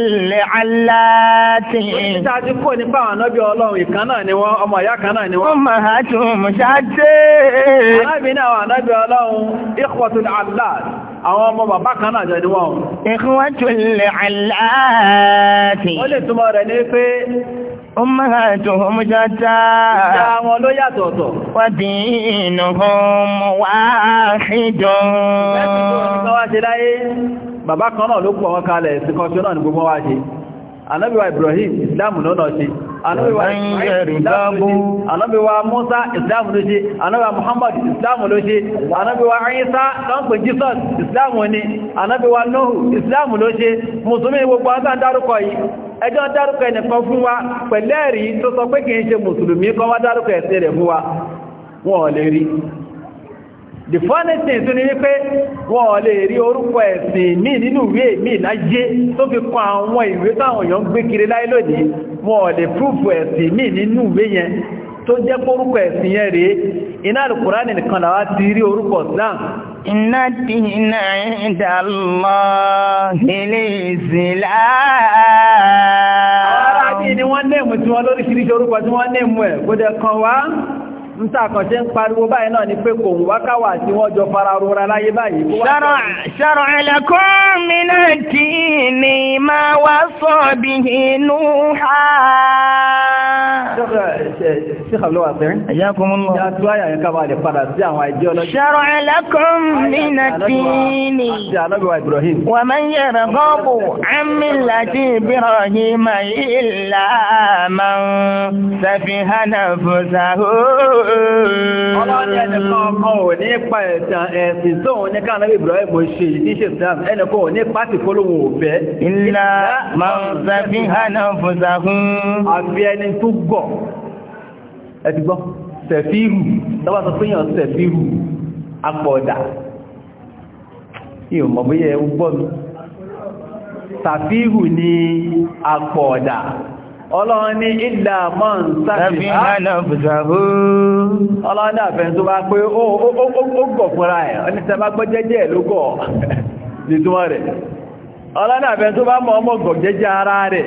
allati. Ìṣàtí àwọn ọmọ bàbá kan náà jẹ́ ni wọ́n. Ikhwatul allati. Ó lè túnmọ̀ rẹ̀ rẹ̀ ní pé ó máa dùn ọmọ jájá ìjà ló yàtọ̀ọ̀tọ̀ wà bí inú ọmọ wá ṣíjọ́ kan kan anábíwa ibrahim islamu lọ́nà ṣe anábíwa musa islamu ló ṣe anábíwa muhammad islamu ló ṣe anábíwa isa lọ́npẹ̀ jesus islamu ni anábíwa nuhu islamu ló ṣe musulmi gbogbo ọ̀sán dárúkọ yìí ẹjọ́ dárúkọ ẹnìkan fún wa pẹ̀lẹ́rìí tó sọ pé kìí ṣe mùsùlùmí kan wá dárúkọ ẹ̀sẹ̀ rẹ̀ fún wa wọn lè rí the funniest thing tó ní wípé wọ́n lè rí orúkọ ẹ̀sìn míì nínú ìwé míì láyé tó fi kọ àwọn ìwé táwọn èèyàn ń gbé kiri láyé lónìí wọ́n lè prúfù ẹ̀sìn míì nínú ìwé yẹn tó jẹ́ orúkọ ẹ̀sìn yẹn rèé iná alùkùránì nìkan làwá ti rí orúkọ Islam Iná tí iná ìdàlọ́ ilé ìsìlá. Àwọn ará bí ni wọ́n ní ẹ̀mù tí wọ́n lórí kìrìkì orúkọ tí wọ́n ní ẹ̀mù ẹ̀, kò dẹ̀ kan wá ń tàkànṣe ń pariwo báyìí náà ni pé kò ń wákàwà tí wọ́n jọ fara rora láyé báyìí. ṣọ̀rọ̀ ẹ̀lẹ́kọ́ mi náà dì ní máa wá sọ bí inú شرع لكم من الدين ومن يرغب عن ملة إبراهيم إلا من سفه نفسه Ọlọ́run ẹnìkan ọkọ̀ ò ní pa ẹ̀sìn tó òun ní káàkiri Ibrahim ṣe ìdíṣẹ́ Islam ẹnìkan ò ní pàtì fólówó òfẹ́. Ìlà máa ń sàfihàn fòsàkún. Àfi ẹni gọ̀ ẹ̀tìgbọ́ sẹ̀fíhù tọ́bà sọ pínyàn sẹ̀fíhù yíò mọ̀ ni apọ̀ọ̀dà ọlọ́run ní mọ́n ọlọ́run àfẹ́ tó bá pé ó gọ̀ fúnra ẹ̀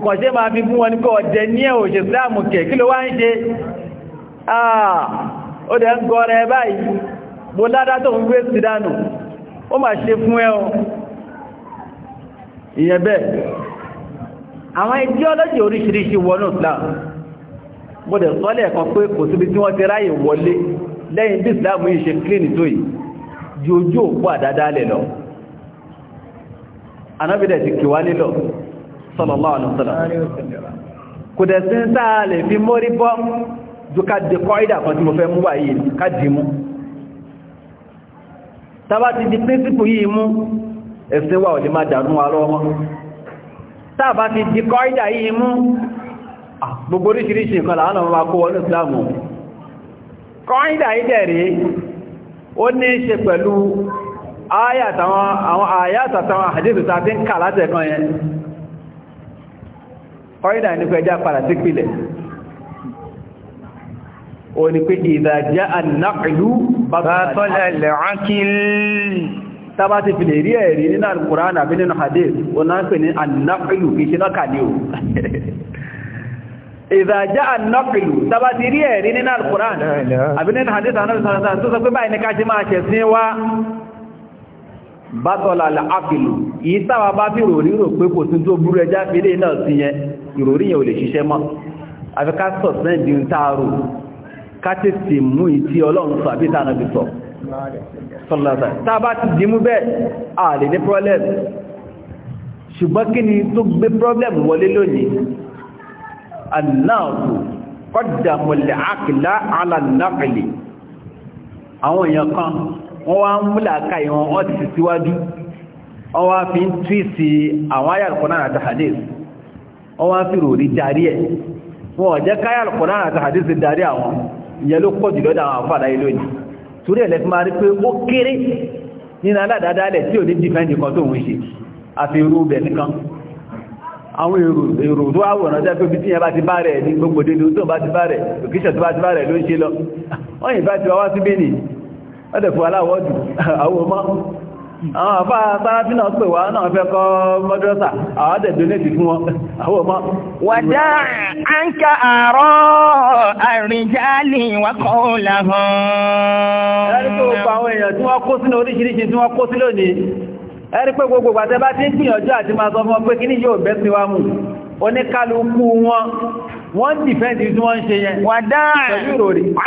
kò kàn ṣe máa fi fún wọn ní kọ́ ọ̀dẹ ní ẹ̀ òṣè islam kẹ̀ kí ló wá ń ṣe àà ah, ó dẹ̀ ń gọrẹ báyìí mo ládá tó ń gbé sí dánù ó máa ṣe fún ẹ ìyẹn bẹ́ẹ̀ àwọn ideology oríṣiríṣi wọnú islam mo anábìdẹ̀ ti kìwálé lọ sallallahu alaihi wasallam kò dẹ̀ sí ń sáà lè fi mórí bọ́ ju ká di kọ́ìdà kan tí mo fẹ́ mú wà yìí ká dì mú tàbá ti di pínsípù yìí mú ẹ̀sìn wa ò lè máa dànú wa lọ́wọ́ tàbá ti di kọ́ìdà yìí mú gbogbo oríṣiríṣi nǹkan làwọn ọmọ akó wọnú ìsìláàmù kọ́ìdà yìí dẹ̀rẹ̀ ó ní í ṣe pẹ̀lú àyàtàwọn àyàtàwọn àdíṣù tàbí ń kà látẹ̀kan yẹn kọ́ídà ní pé ẹjá padà sí pìlẹ̀ o ni pé ìdájá annáàlú bátọ́lẹ̀ akíl tàbá ti fi lè rí ẹ̀rí nínú al-Qur'an àbí nínú hadith o náà pè ní annáàlú iṣẹ́ lọ́kà ní o ìdájá annáàlú tàbá ti rí ẹ̀rí nínú al àbí nínú hadith bátọ́lá àfìlù yìí táwà bá bí rò rírò pé kò tún tó burú ẹjá fílé náà sí yẹn ìròrí yẹn ò lè ṣiṣẹ́ mọ́ afẹ́ká sọ̀sẹ́ndì ń taarò kátẹ́sì mú ìtí ọlọ́run sọ àbí ìtànà bí sọ sọ́lọ́sà tábà ti dìmú bẹ́ẹ̀ à lè ní problem ṣùgbọ́n kí ni tó gbé problem wọlé lónìí anáàkù kọ́dàmọ̀lẹ̀ àkìlá alànàkìlì àwọn èèyàn kan wọ́n wá ń múlà ká ìwọ̀n wọ́n ti sì síwájú wọ́n wá fi ń tíìsì àwọn ayàlùkọ́nà àti hadith wọ́n wá fi ròrí darí ẹ̀ wọ́n jẹ́ ká ayàlùkọ́nà àti hadith darí àwọn ìyẹn ló pọ̀ jùlọ dáwọn àfàdà ilé òjì torí ẹ̀lẹ́ fi máa rí pé ó kéré nínú aládàádálẹ̀ tí ò ní dìfẹ́ǹdì kan tó ń ṣe àfi irú bẹ̀ àwọn èrò tó àwòrán jẹ́ pé bí tí yẹn bá ti bá rẹ̀ ní gbogbo dédé tó bá ti bá rẹ̀ òkíṣẹ̀ tó bá ti bá rẹ̀ ló ń ṣe lọ wọ́n yìí bá ti wá wá síbí nìyí ẹ̀dẹ̀fọ́ aláwọ̀dù àwọn ọmọ àwọn àfá sáráfí pè wá náà fẹ́ kọ́ mọ́dúrọ́sà àwọn àdẹ̀dẹ̀ lè fún wọn àwọn ọmọ wàdá àǹkà àárọ̀ àrìnjáàlì wákọ̀ ẹ̀rí pé gbogbo àwọn èèyàn tí wọ́n kó sínú oríṣiríṣi tí wọ́n kó sí wọ́n dìfẹ́ǹdì tí wọ́n ń ṣe yẹn. wàdá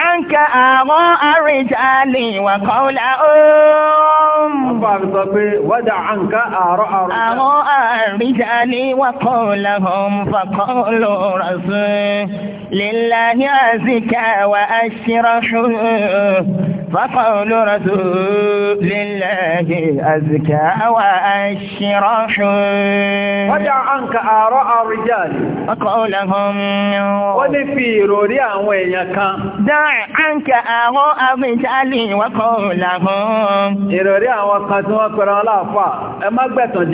àǹkà àwọn àrẹ̀jálì wà kọ́ọ̀lá oòrùn. ọba mi sọ pé wàdá àǹkà àrọ̀ àrọ̀. wa àrẹ̀jálì wà kọ́ọ̀lá hàn fàkọ́ọ̀lọ́ rọ̀sùn lílàhí àzíkà wà aṣírọ̀ṣùn fàkọ́ọ̀lọ́ rọ̀sùn lílàhí ó ní fi rí àwọn èèyàn kan. dáì àǹkà àwọn afẹ́jálì wọ́kọ̀ làwọn. rí àwọn kan tí wọ́n pẹ̀rọ aláàfà ẹ má gbẹ̀tàn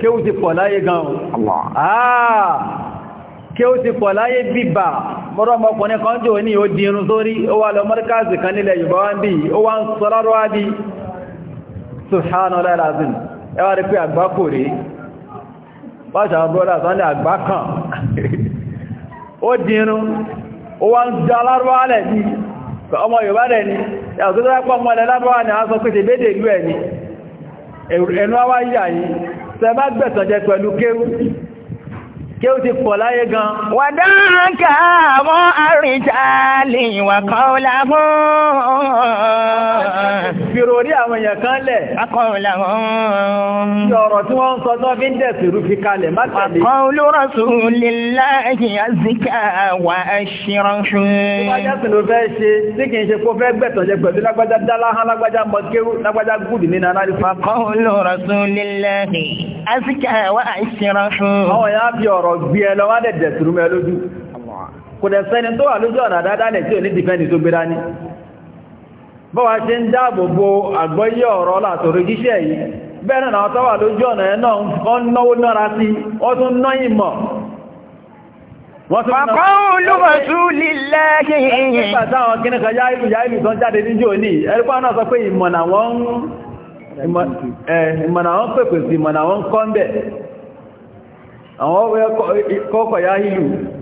jẹ́ o ti pọ̀ láyé gan an kéwù ti pọ̀ láyé bíbà mọ́rọ̀ kan jò ní sórí ó wà lọ kan nílẹ̀ wá ń bí ó wá ń sọ bí rí pé rí ó dínrún ó wá ń jẹ́ alárúwá lẹ̀ ní ọmọ Yorùbá rẹ̀ ni ẹ̀kọ́ tó rápọ̀ ọmọ ni a sọ pé tèbédè ìlú ẹ̀ ni ẹnu àwá bá jẹ pẹ̀lú ti pọ̀ láyé gan wàdánká fi rorí àwọn èèyàn kan lẹ̀. Akọ̀ọ̀lá ọ̀hún. Tí ọ̀rọ̀ tí wọ́n ń sọ tán fi ń dẹ̀sì rú fi kalẹ̀ má tẹ̀lé. Qawlu rasulillahi azka wa ashrahu. Ìbájẹ́sìn ló fẹ́ ṣe tí kìí ṣe kó fẹ́ gbẹ̀tọ̀ jẹ pẹ̀lú lágbájá dáláhán lágbájá mọ̀kéwú lágbájá gùdì nínú alárífà. Qawlu rasulillahi azka wa ashrahu. Àwọn èèyàn fi ọ̀rọ̀ gbé ẹ lọ wá dẹ̀ dẹ̀sì rú mẹ́ lójú. Kò dẹ̀ sẹ́ni tó wà lójú ọ̀nà dáadáa lẹ̀ tí ò ní dìfẹ́ni tó gbé bọ́wà ṣe ń dáàbòbò àgbọ́yé ọ̀rọ̀ látòrí jíṣẹ́ yìí bẹ́ẹ̀ náà tọ́wà lójú ọ̀nà ẹ̀ náà wọ́n náwó nára sí wọ́n tún ná ìmọ̀ Wàkọ́ọ̀lù Rọ̀súlì náà sọ ìmọ̀nà wọ́n kọ́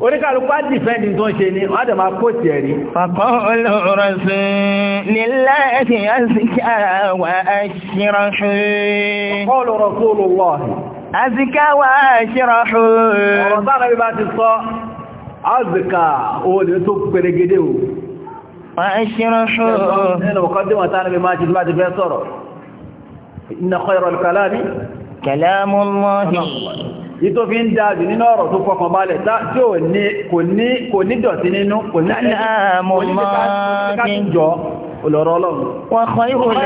oníkàlùpá dìfẹ́ndì tó ń ṣe ní ọdẹ̀ máa kó ti ẹ̀rí. Fàkọ́ olóòrọ̀sùn nílá ẹ̀kì àzíká wà aṣíránṣù. Fàkọ́ olóòrọ̀sùn olùwọ̀. Àzíká wà aṣíránṣù. Ọ̀rọ̀ sára bí bá ti sọ, àzíká olè tó pẹ̀rẹ̀gẹ́dẹ́ o. Wà aṣíránṣù. Ẹnà ọkọ̀ dí wọn ìtò fi ń dáadì nínú ọ̀rọ̀ tó fọkàn balẹ̀ tí ó ní kò ní dọ̀tí nínú kò ní káàkìjọ olọ́rọ̀ ọlọ́run wa khayrul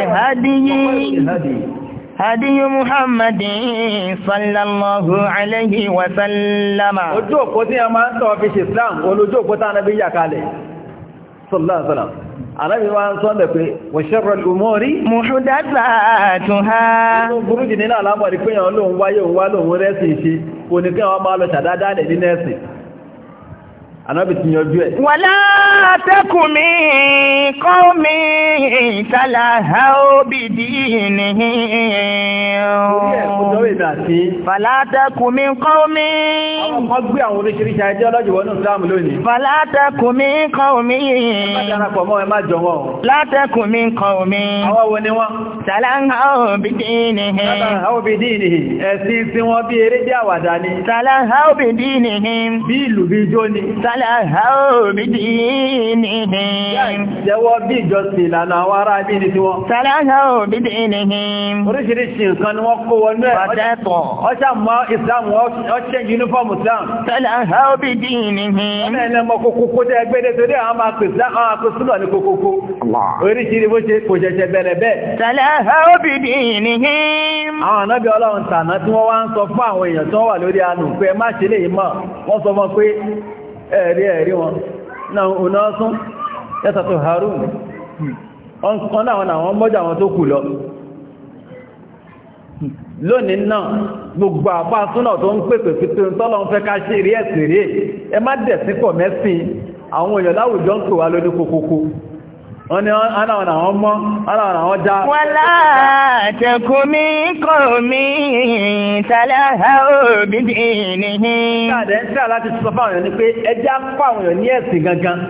hadyi muhammadin sallallahu alayhi wa sallama ojú òpó tí a islam olójú òpó tánàbí yà kalẹ̀ sallallahu alábi wa ń sọ lẹ̀ pé wọ̀ṣẹ́rọ̀ lùmọ́rí mùsùdágbà tún ha inú burúkú nínú alámọ̀rí pé yàn lóun wáyé òun wá lóun rẹ́sìn ṣe oníkẹ́ wọn máa lọ ṣàdádá lẹ̀ ní nẹ́sìn anábì ti yanjú ẹ̀. wàlá atẹ́kùn mi kọ́ mi ìtàlá ha ó bì dí ní. Fàlá atẹ́kùn mi kọ́ mi. Àwọn kan gbé àwọn oríṣiríṣi ajé ọlọ́jọ̀wọ́ ní Islam lónìí. Fàlá atẹ́kùn mi kọ́ mi. Má darapọ̀ mọ́ ẹ má jọ wọn. Látẹ́kùn mi kọ́ mi. Àwọn wo ni wọ́n? Tàlá ha ó bì dí ní. Tàlá ha ó bì dí ní. Ẹ̀sìn tí wọ́n bí eré bí àwàdà ni. Tàlá ha ó bì dí ní. Bí ìlú bí ijó ni. Tàlá aláhà òmìdí nìhìn. Jẹ́wọ́ bí ìjọsìn ìlànà àwọn ará bí ní tiwọn. Sàláhà òmìdí nìhìn. Oríṣiríṣi nǹkan ni wọ́n kó wọnú ẹ̀. Ọ̀tẹ́pọ̀. Ọṣà mọ ìsìlámù ọṣẹ́ yúnífọ́ọ̀mù Islam. Sàláhà òmìdí nìhìn. Ọ̀nà ilẹ̀ mọ kókókó tẹ́ gbédé torí àwọn máa pè sílọ̀ ní kókókó. Oríṣiríṣi bó ṣe kò ṣẹ̀ṣẹ̀ bẹ̀rẹ̀ bẹ́ẹ̀. Sàláhà òmìdí nìhìn. Àwọn ànábì ọlọ́run tàná tí wọ́n wá ń sọ fún àwọn èèyàn tó wà lórí anù pé má ṣe lè mọ̀. Wọ́n sọ fún pé ẹ̀rí ẹ̀rí wọn na ọ̀nà tó àwọn wọn tó kù lọ lónìí náà gbogbo àpá súnà tó ń pèpè ń tọ́lọ ń fẹ́ ṣe rí ẹ̀sì ẹ má dẹ̀ wọ́n ni aláwọn àwọn mọ́ aláwọn àwọn já wọ́n látẹ̀kù mí kò mí tàlàhà òbìdì nìhí káàdẹ̀ ń tàà láti sọ fáwọn èèyàn ní pé ẹjá fáwọn èèyàn ní ẹ̀sìn gangan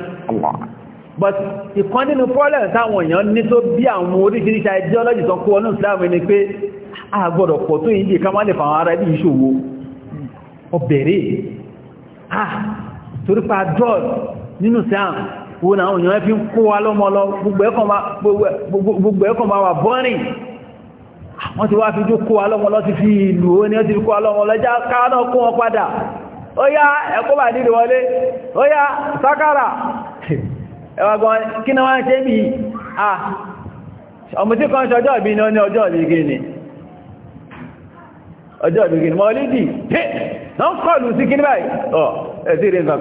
but ìkan nínú problem táwọn èèyàn ní tó bí àwọn oríṣiríṣi ideology tó kó ọlọ́nà Islam ni pé a gbọ́dọ̀ pọ̀ tó yìí ká má lè fàwọn ará ibi ìṣòwò ọbẹ̀rẹ̀ ah torípa drug nínú Islam òun àwọn èèyàn fi ń kó wa lọ́mọ lọ gbogbo ẹ̀kọ́ máa wà bọ́rìn wọ́n ti wá fi jú kó wa lọ́mọ ti fi ìlú o ní ó ti fi kó wa lọ́mọ lọ́já káánà kó wọn padà ó yá ẹ̀kọ́ bà nílùú wọlé ó yá sákàrà ẹwàgbọ́n kí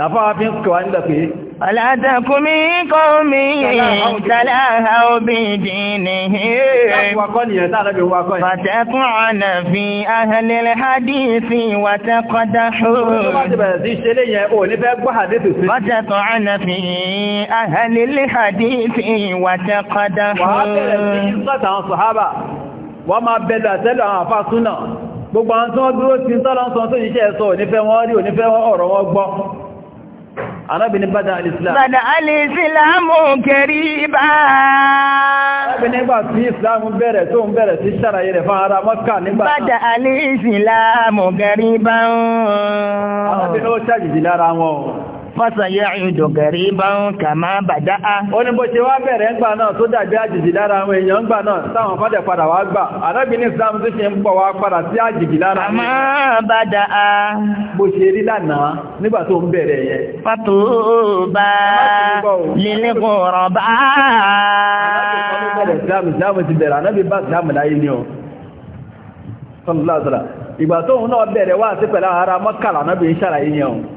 láfáwà fi ń kọwà nílẹ̀ pé ọ̀làtàkùnmí kọ́ mi tàláhà òbí dìní fàtẹ́kùn ọ̀nà fi ahẹ́lẹ̀lẹ̀ hadisi wàtẹ́kọ́dá fàtẹ́kùn wọ́n máa bẹ̀lẹ̀ àtẹ́lẹ̀ àwọn àfáà súnà gbogbo àwọn tí wọ́n dúró ti ń tó yíṣẹ́ ẹ̀sọ́ onífẹ́ wọ́n rí onífẹ́ ọ̀rọ̀ wọn gbọ́ arábìnrin bada alìsílámù bada alìsílámù kẹrìbá arábìnrin gbà tí ìsìlámù bẹ̀rẹ̀ tó ń bẹ̀rẹ̀ sí ṣàlàyé rẹ̀ fún ara mọ́kà nígbà bada alìsílámù kẹrìbá arábìnrin ó fásayá ìdògẹ̀rí bá ń kà máa bàdá á. ó ní bó ṣe wá bẹ̀rẹ̀ ń gbà náà tó dàbí àjèjì lára àwọn èèyàn ń gbà náà táwọn fọ́dẹ̀ padà wá gbà arábìnrin islam tó ṣe ń pọ̀ wá padà sí àjèjì lára. àmọ́ bàdá á. bó ṣe rí lánàá nígbà tó ń bẹ̀rẹ̀ yẹn. pàtó bá lílé bá. bẹ̀rẹ̀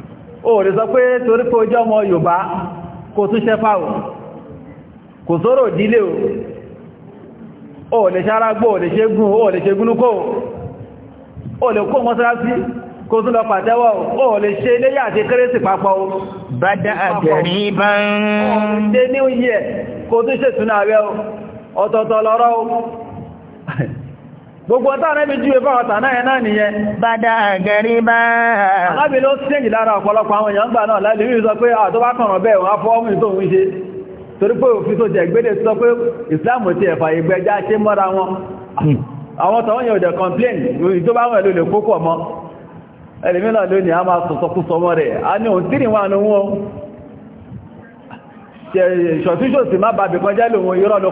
ó rí sọ pé torí pé ojú ọmọ Yorùbá kò tún ṣẹfà ò kò O ìdílé ò ó lè ṣárágbó ó lè ṣe O ó lè ṣe gúnúkó ó lè kó O kò tún lọ pàtẹ́wọ́ ó lè ṣe ilé àti kérésì papọ̀ ó bá ń ṣe gbogbo ọ̀tá rẹ̀bí jú ẹgbẹ́ ọ̀tá náà ẹ̀nà nìyẹn bàdà gẹ̀rí bá alábìlì ó sẹ́jì lára ọ̀pọ̀lọpọ̀ àwọn èèyàn gbà náà sọ pé ah, bẹ́ẹ̀ wọ́n fọ́ mú ṣe torí pé òfin tó jẹ́ sọ ti ẹ̀fà ìgbẹ́já ṣe mọ́ra wọn hmm. àwọn tọ́wọ́n tó bá lè kókò mọ́ ẹlẹ́mìnà lónìí a máa rẹ̀ a ní òun tírì wọn wọn ṣọ̀túnṣòsì má bàbì kan jẹ́ lòun irọ́ ló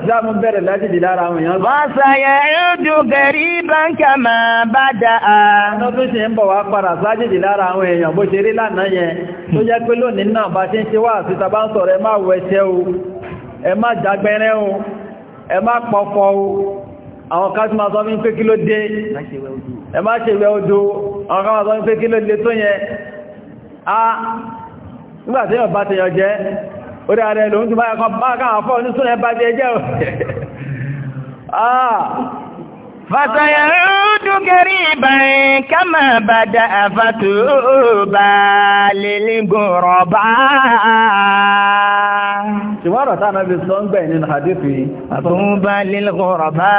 ìsìlámù bẹ̀rẹ̀ lájìdì lára àwọn èèyàn. Wọ́n sàyẹ̀ ìrúdù gẹ̀rí báńkà máa bá dà á. Ọ̀nà tó ṣe ń bọ̀ wá padà sájìdì lára àwọn èèyàn bó ṣe rí lánàá yẹn tó jẹ́ pé lónìí náà bá ṣe ń ṣe wá àti tàbá ń sọ̀rọ̀ ẹ má wẹṣẹ́ o, ẹ má jagbẹ́rẹ́ o, ẹ má pọ̀fọ̀ o, àwọn kásímà sọ mí pé kí ló dé, ẹ má ṣèwẹ́ odò, àwọn kásímà sọ mí pé kí ló dé tó yẹn. A ah, nígbà tí yóò bá tẹ̀yàn jẹ́, orí ààrẹ lòun ti báyẹ̀ kan bákan àfọ́ ní súnlẹ̀ bá jẹ jẹ́ ah. fàtàyà rúdú kẹrí ìbàrin kama bàdà àfàtò bá lélégún rọ̀bá ṣùgbọ́n ọ̀rọ̀ náà fi sọ ń gbẹ̀ nínú àdífì àtúnbà lélégún rọ̀bá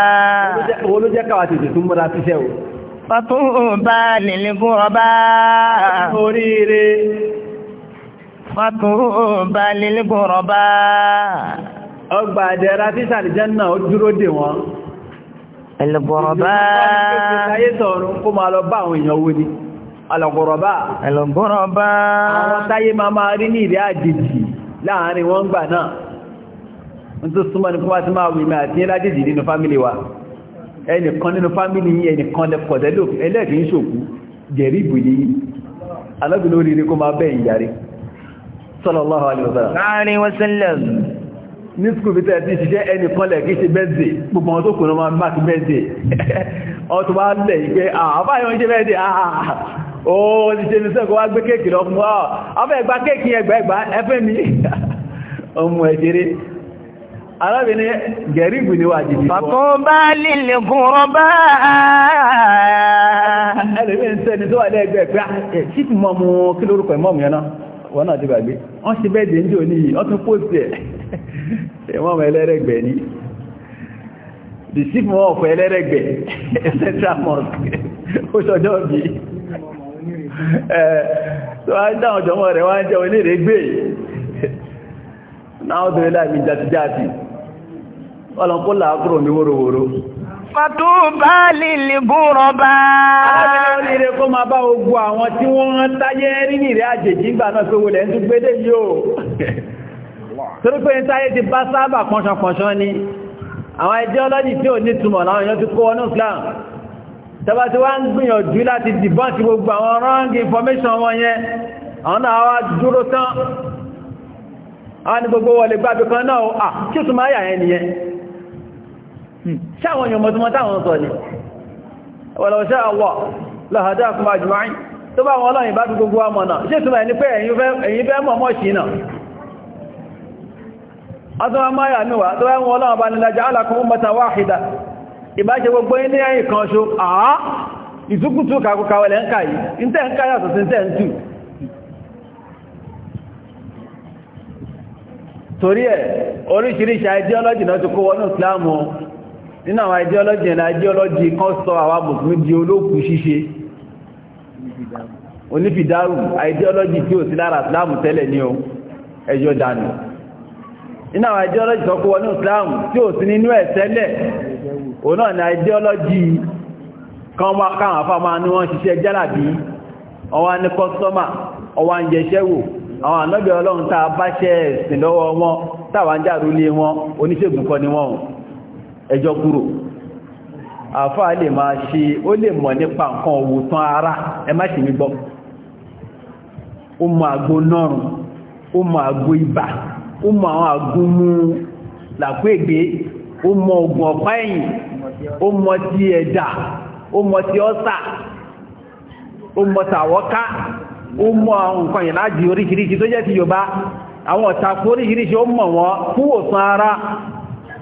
makuru balili goroba. ọgbà àdẹ̀ra tí o duro dúró dè wọ́n. ẹlẹgọrọba. ayé sọ̀rọ̀ kó máa lọ bá àwọn èèyàn wo ni. ẹlẹgọrọba. ẹlẹgọrọba. àwọn táyé máa máa rí ní ìrẹ́ àjèjì láàárín wọn gbà náà. n tó súnmọ́ ni kó wá sí máa wù mí àti ẹlájèjì nínú fámìlì wa ẹnìkan nínú fámílì yìí ẹnìkan lẹ́pọ̀tẹ́lò ẹlẹ́ẹ̀kì ń ṣòkú jẹ̀rí ìbò yìí alábìnrin oríire kó máa bẹ́ ìyàrí sallallahu alaihi wasallam ní skùl bí tẹ́ẹ̀ tí ṣiṣẹ́ ẹni kọlẹ̀ kí ṣe bẹ́ẹ̀dì gbogbo ọmọ tó kùnà máa máa ti bẹ́ẹ̀dì ọtún bá lẹ̀ ìgbé ah, àbáyọ̀ ṣe bẹ́ẹ̀dì ooo ah, ah, ti ṣe nìṣẹ́ kó wá gbé kéèkì lọ fún ọ́ afẹ́ ẹgbà kéèkì ẹgbà ẹgbà ẹfẹ́ mi ọmọ ẹ̀ṣẹ́rẹ́ arábìnrin gẹ̀rígbì ni wà jìdì fọ́ fàkóbá lílè gúnrọ́bá wọ́n náà ti gbàgbé wọ́n ṣe bẹ́ẹ̀dì ń jò ní ọtún pòsì ẹ̀ ẹ̀wọ́n ọmọ ẹlẹ́rẹ̀gbẹ̀ ní the chief mọ́ ọ̀pọ̀ ẹlẹ́rẹ̀gbẹ̀ central mosque ó ṣọjọ́ bí tó wá rẹ̀ wá náà Fàtúbà lílì búrọ̀ bá. Alábìnrin oríire kó máa bá ogun àwọn tí wọ́n rán táyé rí nìrẹ́ àjèjì ìgbà náà pé wọlé ń tún gbédé yóò. Torí ń táyé ti bá sábà pọ̀nṣọpọ̀nṣọ ni. Àwọn ideology tí ò ní túmọ̀ láwọn èèyàn sáwọn èèyàn mọ̀túnmọ́ táwọn sọ ni ọ̀lọ̀ṣẹ́ àwọ̀ lọ́hàdá fún àjùmáì tó bá wọn ọlọ́yìn bá fi gbogbo ọmọ náà ṣe túnmọ̀ ẹni pé ẹ̀yin fẹ́ mọ̀ mọ́ṣì náà ọdún amáyà níwà tó bá wọn torí ẹ̀ oríṣiríṣi ideology náà nínú àwọn ideology ẹ̀nà ideology kan sọ àwa mùsùlùmí di olóòkú ṣíṣe onífìdáhù ideology tí ò sí lára ìsìláàmù tẹ́lẹ̀ ní o ẹjọ́ dànù nínú àwọn ideology tó kó wọnú ìsìláàmù tí ò sí nínú ẹ̀ òun náà ni ideology kan wá káwọn afá máa ní wọ́n ṣiṣẹ́ jálàbí ọwá ní kọ́sọ́mà ọwá ń jẹṣẹ́ wò àwọn ànábì ọlọ́run tàà báṣẹ́ ẹ̀sìn lọ́wọ́ wọn tàwà ń ẹjọ́ kúrò àfá lè máa ṣe ó lè mọ̀ nípa nǹkan òwò tán ara ẹ má ṣe mi gbọ́ O mọ àgbo nọ́rùn o mọ ibà o mọ àwọn àgbo mú làkó ègbé o mọ oògùn ọ̀pá ẹ̀yìn o mọ ti ẹ̀dà o mọ ti ọ́sà o mọ tàwọ́ká o mọ àwọn nǹkan yìí láti oríṣiríṣi tó jẹ́ ti Yorùbá àwọn ọ̀tàkù oríṣiríṣi mọ̀ ara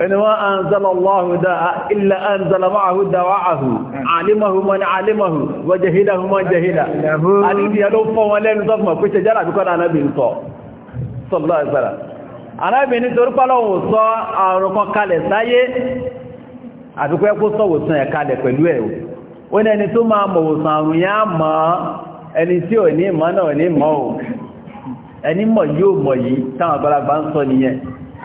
إن ما أنزل الله داء إلا أنزل معه دواعه علمه من علمه وجهله من جهله أنت يلوف ولن ضفما كنت جرى بكون أنا بنصى صلى الله عليه وسلم أنا بني ترقى له صى أرقى كالي سايي àfikọ́ ẹkú sọ̀wòsàn ẹ̀kalẹ̀ pẹ̀lú ẹ̀ ó ní ẹni tó máa mọ̀wòsàn àrùn yá mọ́ ẹni tí ò ní mọ́ náà ní mọ́ ò ẹni mọ̀ yóò mọ̀ yìí táwọn àgbàlagbà ń sọ nìyẹn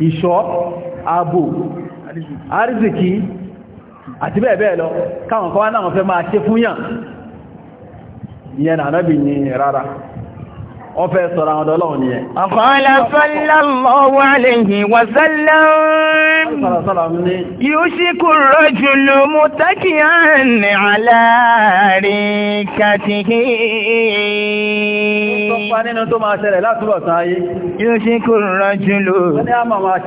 ìṣọ́ ààbò àrísìkí àti bẹ́ẹ̀bẹ́ẹ̀ lọ káwọn kọwàá náà fẹ́ máa ṣe fún yàn ìyẹn ní rárá wọ́n fẹ́ sọ̀rọ̀ àwọn ọ̀dọ́lọ́wọ̀n nìyẹn. Qala sallallahu alayhi wa sallam. Yushiku ar-rajulu muttaki'an ala rikatihi. Ó sọ́pá nínú tó máa ṣẹlẹ̀ látúbọ̀ tán ní àmà máa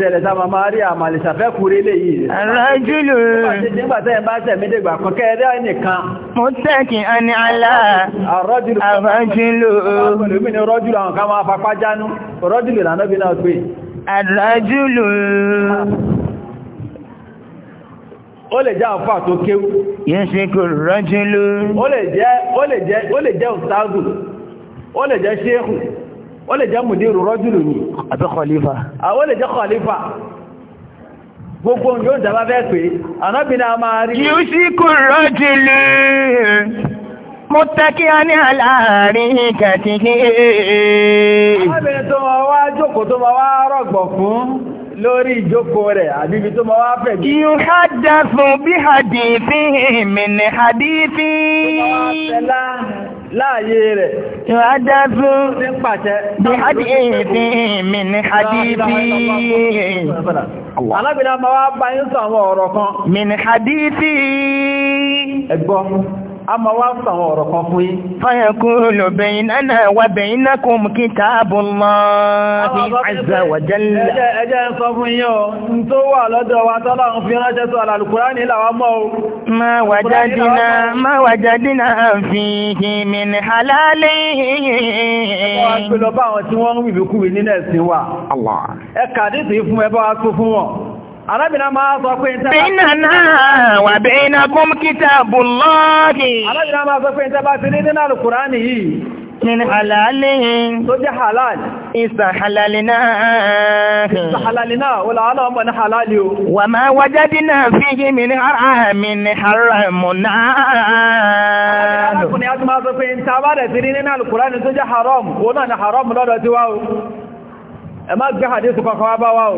jùlọ àwọn ká máa fapá jánú rọ́jùlù lànàbí náà pé àrọ́jùlù ó lè jẹ́ àfà tó kéwú yẹ́sẹ̀kù rọ́jùlù ó lè jẹ́ òsáàgù ó lè jẹ́ ṣéhù ó lè jẹ́ mùdírù rọ́jùlù ní àbí khalifa ó lè jẹ́ khalifa gbogbo yóò dábá fẹ́ pé ànábìnà máa Mọ́tàkíání aláàrin kàtí ní èèyàn. Ọmọbìnrin tó máa wá rẹ̀ Yóò hádá fún bí hadithi mìnì hadithi. Láàyè rẹ̀. wá bá sọ àwọn ọ̀rọ̀ kan. Mìnì hadithi. Ẹgbọ́n a ma wá sàwọn ọ̀rọ̀ kan fún yín. fayakulu baynana wa baynakum kitabullahi azza wa jalla. ẹjẹ́ ń àwọn tí wọ́n ń wìlúkúwì nínú ẹ̀sìn wa. ẹ kàdí sí fún ẹ bá tó fún wọn. Arábìnrin máa sọ pé ìtẹ́ bá ti náà wà bẹ́ iná kún kíta bùlọ́ọ̀kì. Arábìnrin máa sọ pé ìtẹ́ bá ti ní nínú alùkùránì yìí. Min halalin. Tó jẹ́ halal. Isa halalina. Isa halalina, wọ́la wọ́la ọmọ ní halali o. Wà máa wajadina fihi min haramin haramuna. Arákùnrin a ti haram, náà ni gbé hadith kankan wá bá wá o.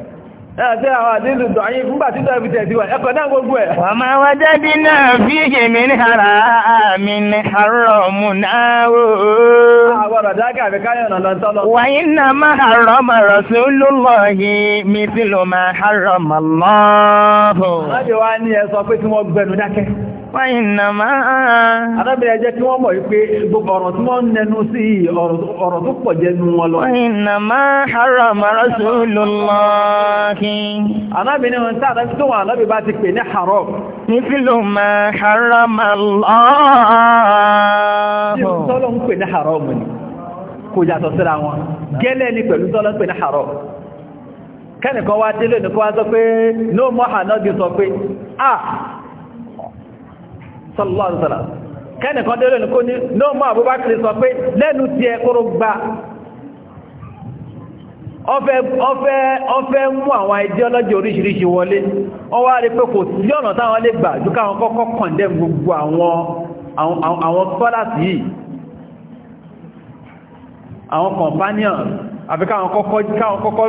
ẹ̀ẹ́sẹ́ àwọn àdínlù dọ̀yìn fún bàtítọ̀ ìbìtẹ̀ ti wà ẹ̀kọ̀ náà gbogbo ẹ̀. wà máa wá jáde náà fi èmi ní ara mi ní àárọ̀ mú náà o. arábìnrin ẹjẹ́ kí wọ́n mọ̀ wípé gbogbo ọ̀rọ̀ tí wọ́n nẹnu sí ọ̀rọ̀ tó pọ̀ jẹ́nu wọn lọ. wàyí náà máa àárọ̀ mà anábìnrin wọn tí àdájú tó wọn anábì bá ti pè ní haram. nífìlò máa haram Allah. tí sọ́lọ́ ń pè ní haram ni kò yàtọ̀ síra wọn gẹ́lẹ́ ni pẹ̀lú sọ́lọ́ ń pè ní haram kẹ́nìkan wá délé ní kó wá sọ pé no more anábì sọ pé ah sallallahu alaihi kẹ́nìkan délé ní kó ní no more Abubakar sọ pé lẹ́nu tiẹ̀ kóró gba ọfẹ́ ọfẹ́ mú àwọn ideology oríṣiríṣi wọlé wọ́n wá rí pé kò sí ọ̀nà táwọn lè gbà jù káwọn kọ́kọ́ kọ̀ndẹ̀ gbogbo àwọn àwọn yìí àwọn companions àfi káwọn kọ́kọ́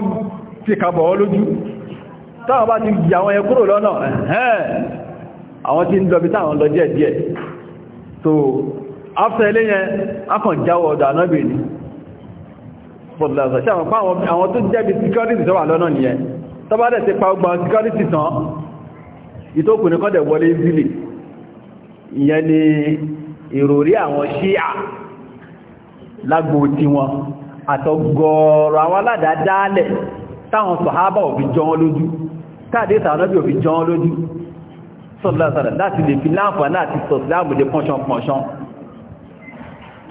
fi kàbọ̀ ọ lójú táwọn bá ti yà lọ́nà àwọn ń lọ bí táwọn lọ transport lọ́sọ̀ ṣàwọn pa àwọn tó jẹ́bi security tó wà lọ́nà nìyẹn tó bá dẹ̀ ti pa ọgbà security tán ìtókùnrin kọ́ dẹ̀ wọlé ìbílì ìyẹn ni ìròrí àwọn ṣíà lágbò tí wọn àtọgọ́rọ̀ àwọn aládàádálẹ̀ táwọn sọ̀hábà òfin jọ wọn lójú táàdé sàánàbí òfin jọ wọn lójú sọ́lọ́sọ̀rọ̀ láti lè fi láǹfà láti sọ̀síláàmù dé pọ́nṣán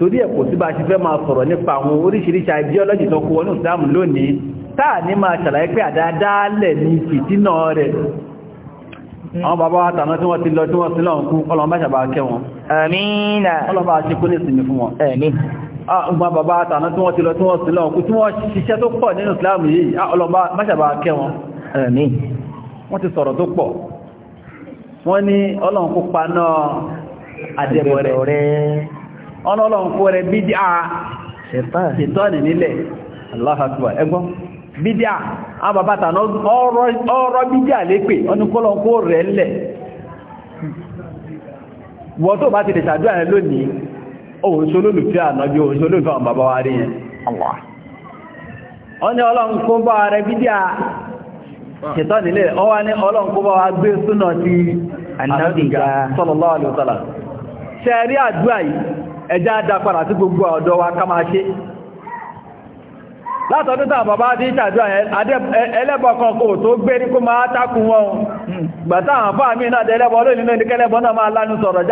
torí ẹ̀ kò sí bá ṣe fẹ́ máa sọ̀rọ̀ nípa àwọn oríṣiríṣi ideology tó kó wọnú Islam lónìí táà ní máa ṣàlàyé pé àdáadáalẹ̀ ní fìtínà rẹ̀ hmm. àwọn bàbá àtàmọ́ tí wọ́n ti lọ tí wọ́n sí lọ́nkú ọlọ́mọ́ ṣàbá kẹ́ wọn àmìnà ọlọ́mọ́ àṣekú ní ìsinmi fún wọn ọgbà bàbá àtàmọ́ tí wọ́n ti lọ tí wọ́n sí lọ́nkú tí wọ́n ṣiṣẹ́ tó pọ̀ nínú Islam yìí ọlọ́mọ́ ṣàbá kẹ́ wọn wọ́n ti sọ̀rọ̀ tó pọ̀ wọ́n ní ọlọ́nkú paná àdẹ̀bọ̀ rẹ̀ ọ̀nà ọlọ́run kó rẹ bídíà ṣètọ́nì nílẹ̀ aláhàtùwà ẹgbọ́n bídíà àbàbàtà ọ̀rọ̀ bídíà lépè ọdúnkọ́lọ́n kó rẹ̀ lẹ̀ wọ́n tó bá ti lè ṣàdúrà rẹ lónìí òun ànájú àwọn bàbá wa rí yẹn àdúrà ẹjá dá padà sí gbogbo ọ̀dọ́ wa ká máa ṣe látọ̀dún tàà bàbá tí ìṣàjọ́ ẹlẹ́bọ̀kan kò tó gbé ní kó máa tákùn wọn hmm, gbàtà àwọn fáà mí náà tẹ́lẹ́bọ̀ lónìí lónìí kẹ́lẹ́bọ̀ náà máa lánú sọ̀rọ̀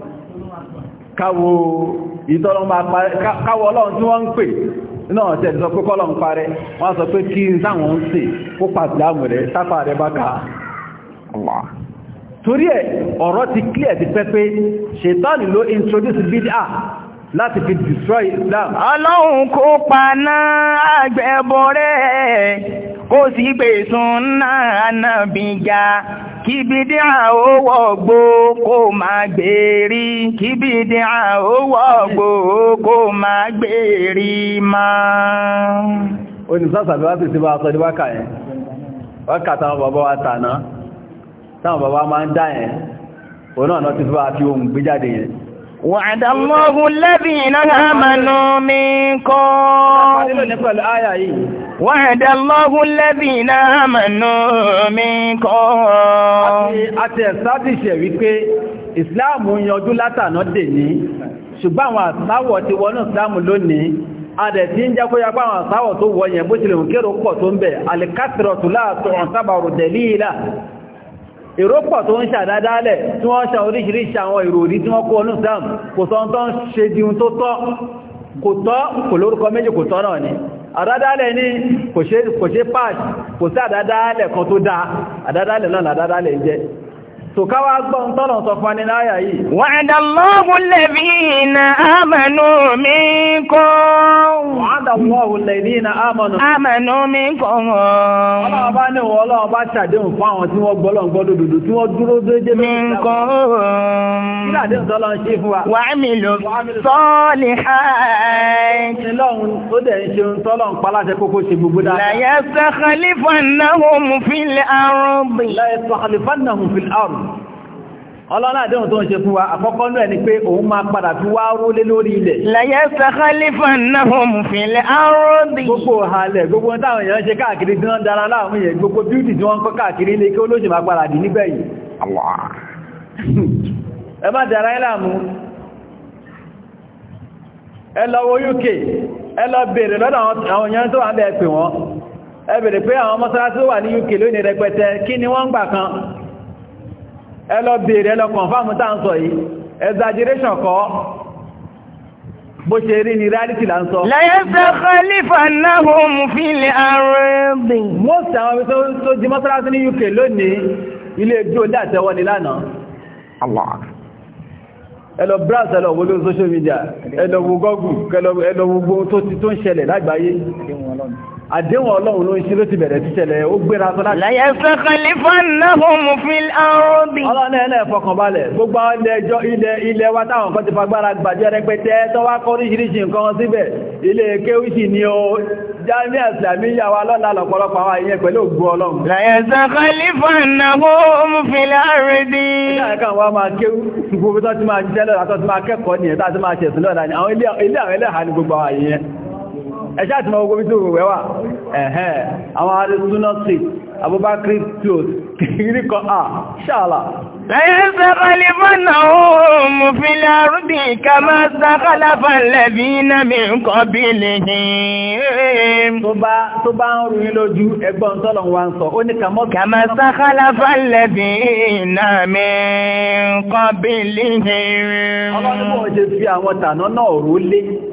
káwo ọlọ́run tí wọ́n ń pè náà sọ pé kọ́lọ̀ ń parẹ́ wọ́n sọ pé kí ń kó pàtàkì rẹ̀ torí ọ̀rọ̀ ti clear ti pẹ́ pé ṣètánì introduce bid'a láti fi destroy Islam ọlọ́run kó paná àgbẹ̀bọ̀ rẹ̀ kó sì náà náà kíbídí àówọ̀ gbó kó máa gbèrí kíbídí àówọ̀ gbó kó máa gbèrí máa onísásàbí wá sí bá sọ ní wákà wákà táwọn bàbá wa tàná táwọn bàbá máa ń dá yẹn òun náà ti fi fi ohun gbé jáde yẹn وعد الله الذين آمنوا منكم وعد الله الذين آمنوا منكم àti ẹ̀sádìṣẹ̀ wípé ìsìláàmù yanjú látànà dè ní ṣùgbọ́n àwọn àsáwọ̀ ti wọnú ìsìláàmù lónìí adẹ̀ tí ń jẹ́ kó yapa àwọn àsáwọ̀ tó wọ yẹn bó tilẹ̀ ń kérò pọ̀ tó ń bẹ̀ alikásirọ̀tù láàtọ̀ ọ̀sábàrù dẹ̀líìlà ìrópọ̀ tó ń ṣàdádálẹ̀ tí wọ́n ṣà oríṣiríṣi àwọn ìròrí tí wọ́n kó ọlú islam kò sọ tó ṣe di ohun tó tọ́ kò tọ́ kò lórúkọ méjì kò tọ́ náà ni àdádálẹ̀ ní kò ṣe pàṣ kò sí àdádálẹ̀ kan tó dáa àdádálẹ̀ náà àdádálẹ̀ jẹ́ tòkáwà gbọ́n tọ́nà sọ fún anínú àyà yìí. wa'adallahu alladhina amanu minkum. wa'adallahu alladhina amanu. amanu minkum. ọlọ́run bá ní ìwọ ọlọ́run bá ṣàdéhùn fún àwọn tí wọ́n gbọ́lọ̀ gbọ́dọ̀ dòdò tí wọ́n dúró déédé minkum. kí làdé ìtọ́lọ́ ń ọlọ́nà àdéhùn tó ń ṣe fún wa àkọ́kọ́ náà ni pé òun máa padà fi wá rólé lórí ilẹ̀. lẹ́yẹ sàkálífà náà mú fìlẹ̀ àròdì. gbogbo halẹ̀ gbogbo táwọn èèyàn ṣe káàkiri tí wọ́n dára láàmú yẹn gbogbo bíútì tí wọ́n kọ́ káàkiri ilé kí olóṣèlú máa padà dì níbẹ̀ yìí. ẹ má dára ẹ láàmú ẹ lọ wo UK ẹ lọ béèrè lọ́dọ̀ àwọn èèyàn tó wà ń bẹ́ẹ̀ pè wọ́n ẹ béèrè pé àwọn mọ́sálásí wà ní UK lónìí rẹpẹtẹ kí ni wọ́n ń gbà kan ẹ lọ bèèrè ẹ lọ kọ̀nfàmù tá ń sọ yìí exaggeration kọ́ bó ṣe rí ni reality là ń sọ. lẹ́yìn sẹ́kọ̀lífà náà mú fi lè arẹ́bìn. most àwọn ibi tó jí mọ́sálásí ní UK lónìí ilé ẹjọ́ ní àtẹ́wọ́ ni lánàá. Allah ẹ lọ browse wo lórí social media ẹ lọ wo Google ẹ lọ wo gbogbo tó ń ṣẹlẹ̀ lágbàáyé àdéhùn ọlọ́run ló ń ṣe ló ti bẹ̀rẹ̀ títẹ̀lẹ̀ ó gbéra sọ́lá. láyé sọ́kànlé fọ́nàhùn fi àrùbí. ọlọ́run ẹ̀lẹ́ fọkànbalẹ̀ gbogbo ilẹ̀ ilẹ̀ ilẹ̀ wa táwọn kan ti fagbára gbàjẹ́ rẹpẹtẹ tó kọ́ oríṣiríṣi nǹkan síbẹ̀ ilé kéwìsì ni ó jáde ìsìlámí yà wá lọ́la àwọn ìyẹn pẹ̀lú ògbó ọlọ́run. láyé sọ́kànlé fọ́nàhùn fi àrùbí. ilé àkàn wa máa kéwù gbogbo tó ti máa jẹ́ lọ́la tó ti máa kẹ́kọ̀ọ́ ẹ̀ṣá àti mọ̀ ogun tó wẹ̀ wà ẹ̀hẹ́ àwọn arìsúná sí Abubakar close kìí ṣàlá lẹ́yìn sẹ́kọ̀lẹ̀ fọ́nà ohun ọrụ ọrụ ọrụ ọrụ ọrụ ọrụ ọrụ ọrụ ọrụ ọrụ ọrụ ọrụ ọrụ ọrụ ọrụ ọrụ rú ọrụ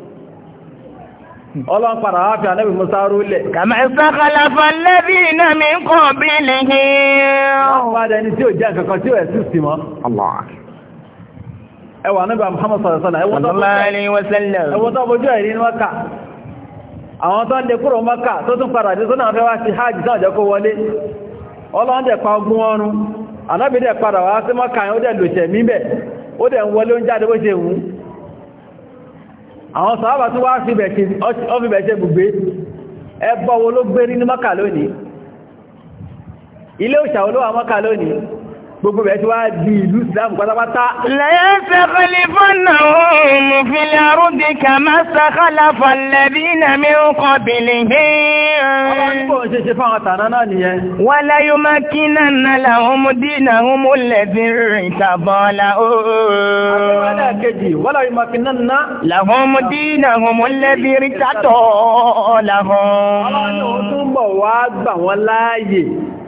Ọlọ́run padà wá fi ànẹ́bì Musa rúlẹ̀. Kàmà ìsákàlàfà lẹ́bí iná mi ń kọ́ bí lè hí. Wọ́n padà ẹni tí ó jẹ́ kankan tí ó ẹ̀ sí mọ́. Ẹwà ànẹ́bì Muhammad Sọ̀rọ̀sọ́nà, ẹwọ́n tó bójú ẹ̀rí ní Mọ́kà. àwọn sàábà tó wá fi bẹ̀ṣẹ́ gbùgbé ẹbọ́ wo ló gbé rí ní mọ́kà lónìí ilé òṣà olówà mọ́kà lónìí gbogbo bẹ̀ẹ́ tí wá di ìlú islam pátápátá. lẹ́yìn sẹ́kẹ̀lì fúnà òun fi lárúdì kà má sàkálà fọ̀lẹ́bí náà mi ń kọ́ bìlì hìn. ọlọ́run kò ṣe ṣe fáwọn tàná náà nìyẹn. wà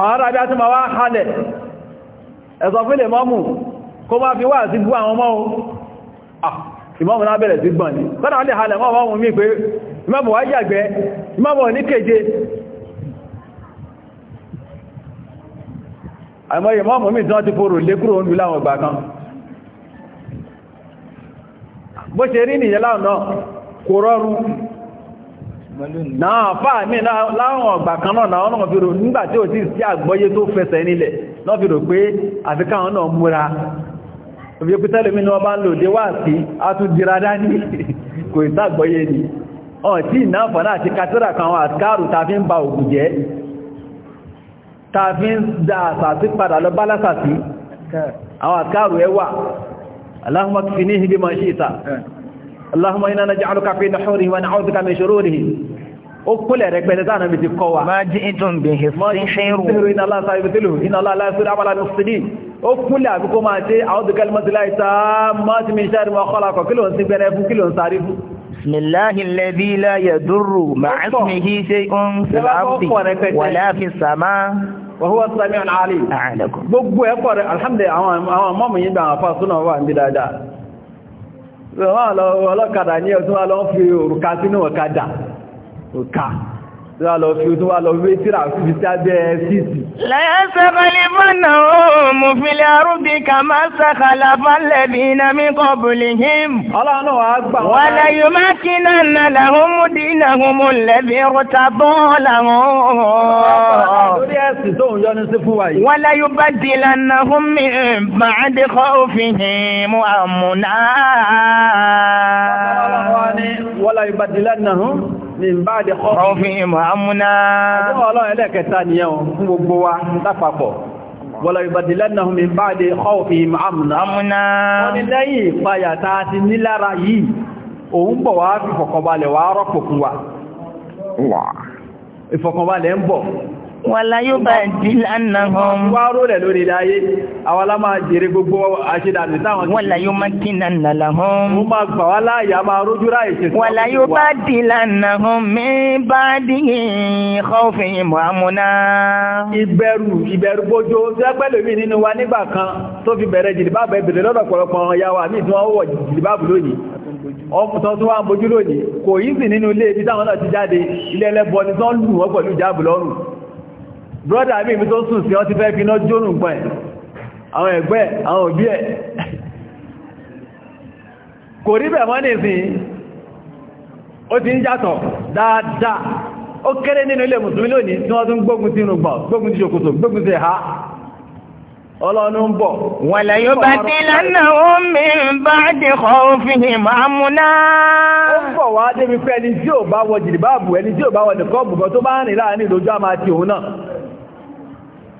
àwọn ará bí a ti ma wá halẹ̀ ẹ̀sọ̀ fílẹ̀ mọ́mù kó máa fi wá sí bú àwọn mọ́ ìmọ́mù náà bẹ̀rẹ̀ sí gbọ́n ní kọ́nà wọ́n lè halẹ̀ mọ́ mọ́mù mí pé ìmọ́mù wá yàgbẹ́ ìmọ́mù ní keje àmọ́ náà fáà mí láwọn ọgbà kan náà náà náà fi rò nígbà tí ò sí sí àgbọ́yé tó fẹsẹ̀ nílẹ̀ náà fi rò pé àfikáwọn náà múra òfin pítẹ́lẹ̀ mi ni wọ́n bá ń lò dé wà sí átúndira dání kò ìsàgbọ́yé ni ọ̀tí ìnáfọ̀ náà ti kàtírà kan àwọn àkárù ta fi ń ba ògùn jẹ́ ta fi ń da àsàtí padà lọ bálásàtí àwọn àkárù ẹwà Allahumma kfinihi bima shi'ta eh. Allahumma inna naj'aluka fi nuhurihi wa na'udhuka min shururihi ó kólẹ̀ rẹpẹtẹ táwọn ibi ti kọ wa. máa jí ìtún bí i ṣíṣírù iná aláṣà ibùtílù iná aláṣà abala ní sídì ó kúnlẹ̀ àbí kó máa ṣe àwọn òdìkẹ́lì mọ́sílá ìta mọ́sí mi ṣáàrí wọn kọ́lá kọ̀ kí ló ń sí gbẹrẹ fún kí ló ń sáré fún. bismillahi alladhi la yadurru ma'a ismihi shay'un fil ardi wala fis samaa wa huwa gbogbo ẹ̀kọ́ rẹ̀ alhamdulillah àwọn mọ́mù yìí gbà àwọn súnà wà ní dáadáa. wọ́n lọ ní ọdún wa fi òrùka sínú ọ̀kadà òkà tí wá lọ fi tó wá lọ fi tíra fi tí abẹ́ fíìsì. lẹ́yẹsẹ̀ balẹ̀ mọ́nà ó mú filẹ̀ arúgbí ká máa sàkàlà falẹ̀ bí iná mi kọ́ bùlì him. ọlọ́run wà á gbà wọ́n. wàlẹ̀ yóò máa kí náà wa yìí. wàlẹ̀ yóò bá di min bá dẹ̀ ọ̀fin mọ̀hámúná ọjọ́ ọlọ́run ẹlẹ́kẹta nìyẹn fún gbogbo wa lápapọ̀ wọ́lọ̀ ìbàdìlẹ́nàhùn min bá dẹ̀ ọ̀fin mọ̀hámúná wọ́n ni lẹ́yìn ìpayà ta wàlá yóò bá dì lánà hàn. wá ró rẹ̀ lórí ayé àwọn aláma jèrè gbogbo àṣedàmì táwọn. wàlá yóò má dì lánà là hàn. mo máa gbà wá láàyè a máa rójú ráyè ṣe. wàlá yóò bá dì lánà hàn mi bá dì kọ́fì mọ́àmúná. ìbẹ̀rù ìbẹ̀rù bójó sẹ́pẹ́ lómi nínú wa nígbà kan tó fi bẹ̀rẹ̀ jìlìbáàbẹ̀ bèrè lọ́dọ̀ pọ̀lọpọ̀ yàwó àmì ìdúnwó wọ̀ tó wá ń bojú lónìí kò yí sí nínú ilé ibi táwọn náà ti jáde ilé ẹlẹ́bọ ni tán lù wọ́n pẹ̀lú ìjáàbù lọ́rùn brọ́dà mi mi tó sùn sí ọtí fẹ́ finá jónù pẹ̀ àwọn ẹ̀gbẹ́ àwọn òbí ẹ̀ kò rí bẹ̀ mọ́ nìsìn ó ti ń yàtọ̀ dáadáa ó kéré nínú ilé mùsùlùmí lónìí tí wọ́n tún gbógun tí inú gbọ̀n gbógun tí ṣokòtò gbógun tí ha ọlọ́nu ń bọ̀. wàlẹ̀ yóò bá tí lánà omi bá dì kọ́ òfin ìmọ̀múná. ó ń bọ̀ wá débi pé ẹni tí ò bá wọ jìdìbáàbù ẹni tí ò bá wọ nìkọ́ bùkọ́ tó bá rìn láàrin ìlójú àmà àti òun náà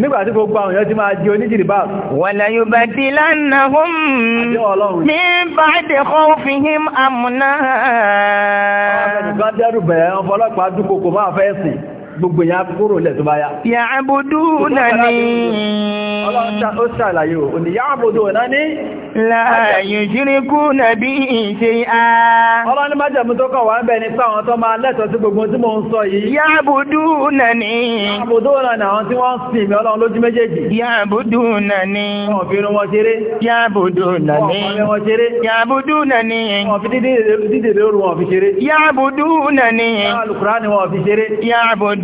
nígbàtí gbogbo àwọn èèyàn ti máa di oníjìrìbá wala yubadilannahum min ba'di khawfihim amna gbogbo yẹn kúrò lẹ̀ tó bá yá. Yàbùdú náà ni. Ó ṣàlàyé ò ní yàbùdú náà ní. Láàyè ṣíríkú nàbí ìṣe a. Ọlọ́ ní májẹ̀mú tó kọ̀ wá ń bẹ ní sáwọn tó máa lẹ́tọ̀ sí gbogbo tí mo ń sọ yìí. Yàbùdú náà ni. náà ni àwọn ń sìn náà ni. Wọ́n fi irun náà ni. Wọ́n fi wọn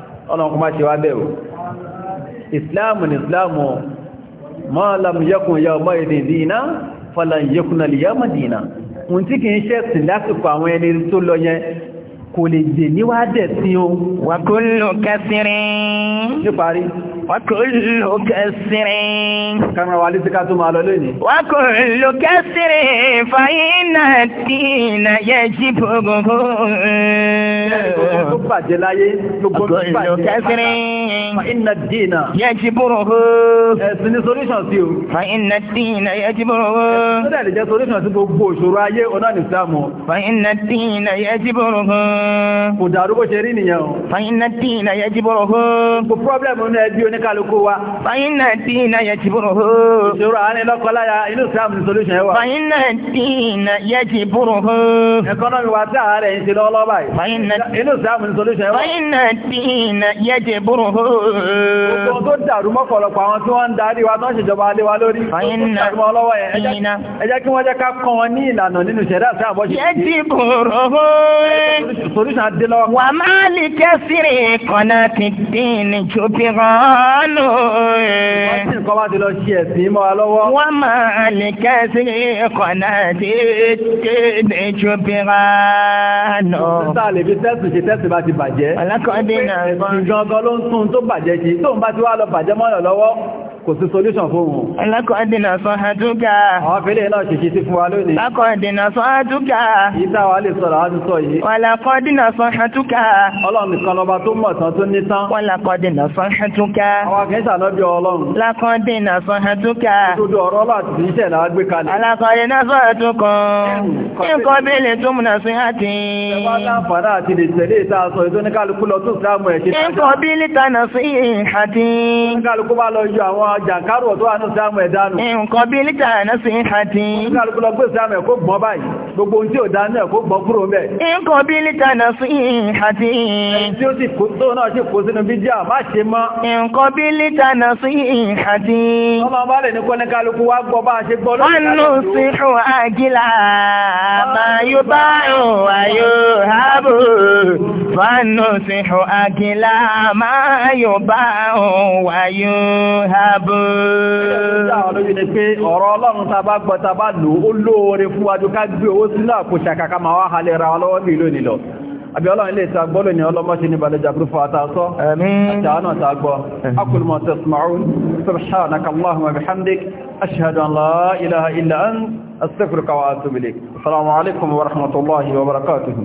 ọlọ́run kó má ṣe wá bẹ̀rù ìsìláàmù ní ìsìláàmù ma lam yakun yawma idin dina falan yakuna al-yawma dina ohun tí kìí ṣe ẹ̀sìn lásìkò àwọn ẹni tó lọ yẹn kò lè dè níwádẹ̀ sí o wà kó lò kẹsìrín وكل كسر وكل كسر فإن الدين يجبه وكل كسر فإن الدين يجبره فإن الدين يجبره فإن الدين يجبره kò dàrú bó ṣe rí nìyẹn o. fàyínà dìínà yẹ jíbọ̀rọ̀ hó. kò pọ́blẹ́mù náà ẹbí o oníkàlùkù wa. fàyín náà tí iná yẹ ti búrò hó. ìṣòro àárín lọ́kọláya ìlú islam solution yẹ wa. fàyín náà tí iná yẹ ti búrò hó. ẹkọ́nọ́mì wa tí àárẹ̀ ń ṣe lọ́wọ́lọ́wọ́ báyìí. fàyín náà tí iná yẹ ti búrò hó. gbogbo tó dàrú mọ́pọ̀lọpọ̀ àwọn tí wọ́n ń darí wa tó ṣèjọba alé fàyín náà tí iná. ẹ jẹ́ kí wọ́n jẹ́ ká kọ́ wọn ní ìlànà nínú ìṣẹ̀dá àti àbọ̀ṣe. yẹ ti búrò hó. solution adé wà á má lè kẹ́sìrì kọ́nà tìǹtìǹ ní jòbí rán kọ́ọ̀lù nǹkan wọ́n máa lè kẹ́sí kọ̀nà tí kéde jùbìrà nù. sísá lè fi tẹ́sì ṣe tẹ́sì bá ti bàjẹ́. ọ̀làkọ́dé náà. ìjọba ló ń tún tó bàjẹ́ sí tóun bá ti wá lọ bàjẹ́ mọ́yàn lọ́wọ́ kò sí solution fún wọn. Lákọ̀ọ́dínà sọ àtúkà. Àwọn fílẹ̀ náà ṣe ṣe fún wa lónìí. Lákọ̀ọ́dínà sọ àtúkà. Ìta wa lè sọ̀rọ̀ àti sọ yìí. Wàlàkọ́dínà sọ àtúkà. Ọlọ́run nìkan lọba tó mọ̀ tán tó nítán. Wàlàkọ́dínà sọ àtúkà. Àwọn kẹta lọ́bí ọlọ́run. Lákọ̀ọ́dínà sọ àtúkà. Ìtòdó ọ̀rọ̀ láti fi iṣẹ́ náà gbé kalẹ̀. Alákọ̀ọ́dínà sọ àtúkan. Nǹkan bí ilé tó múná sí àti. Ẹgbẹ́ aláǹfààní àti lè tẹ̀lé ìta sọ ìtóníkálukú lọ tó ìsìlámù ẹ̀ ṣe. Nǹkan bí ilé tánà sí ìhàtí. Ìtóníkálukú bá lọ yọ àwọn jàǹkárò tó wà ní ìsìlámù ẹ̀dánù. nǹkan bí níta ẹ̀nà sí ìhàtí. oníkàlùkù lọ gbé ìsìlámù ẹ̀kó gbọ́n báyìí gbogbo ohun tí ò dá náà kó gbọ́n kúrò mẹ́. nǹkan bí níta ẹ̀nà sí ìhàtí. ẹni tí ó sì kó tó náà sì kó sínú bídíà má ṣe mọ́. nǹkan bí àbò. ni pé ọ̀rọ̀ ọlọ́run ta bá lónìí lọ. ní ọlọ́mọ́ṣe ní Bàlẹ́jà Kúrúfà àtàtọ́. Àti náà ta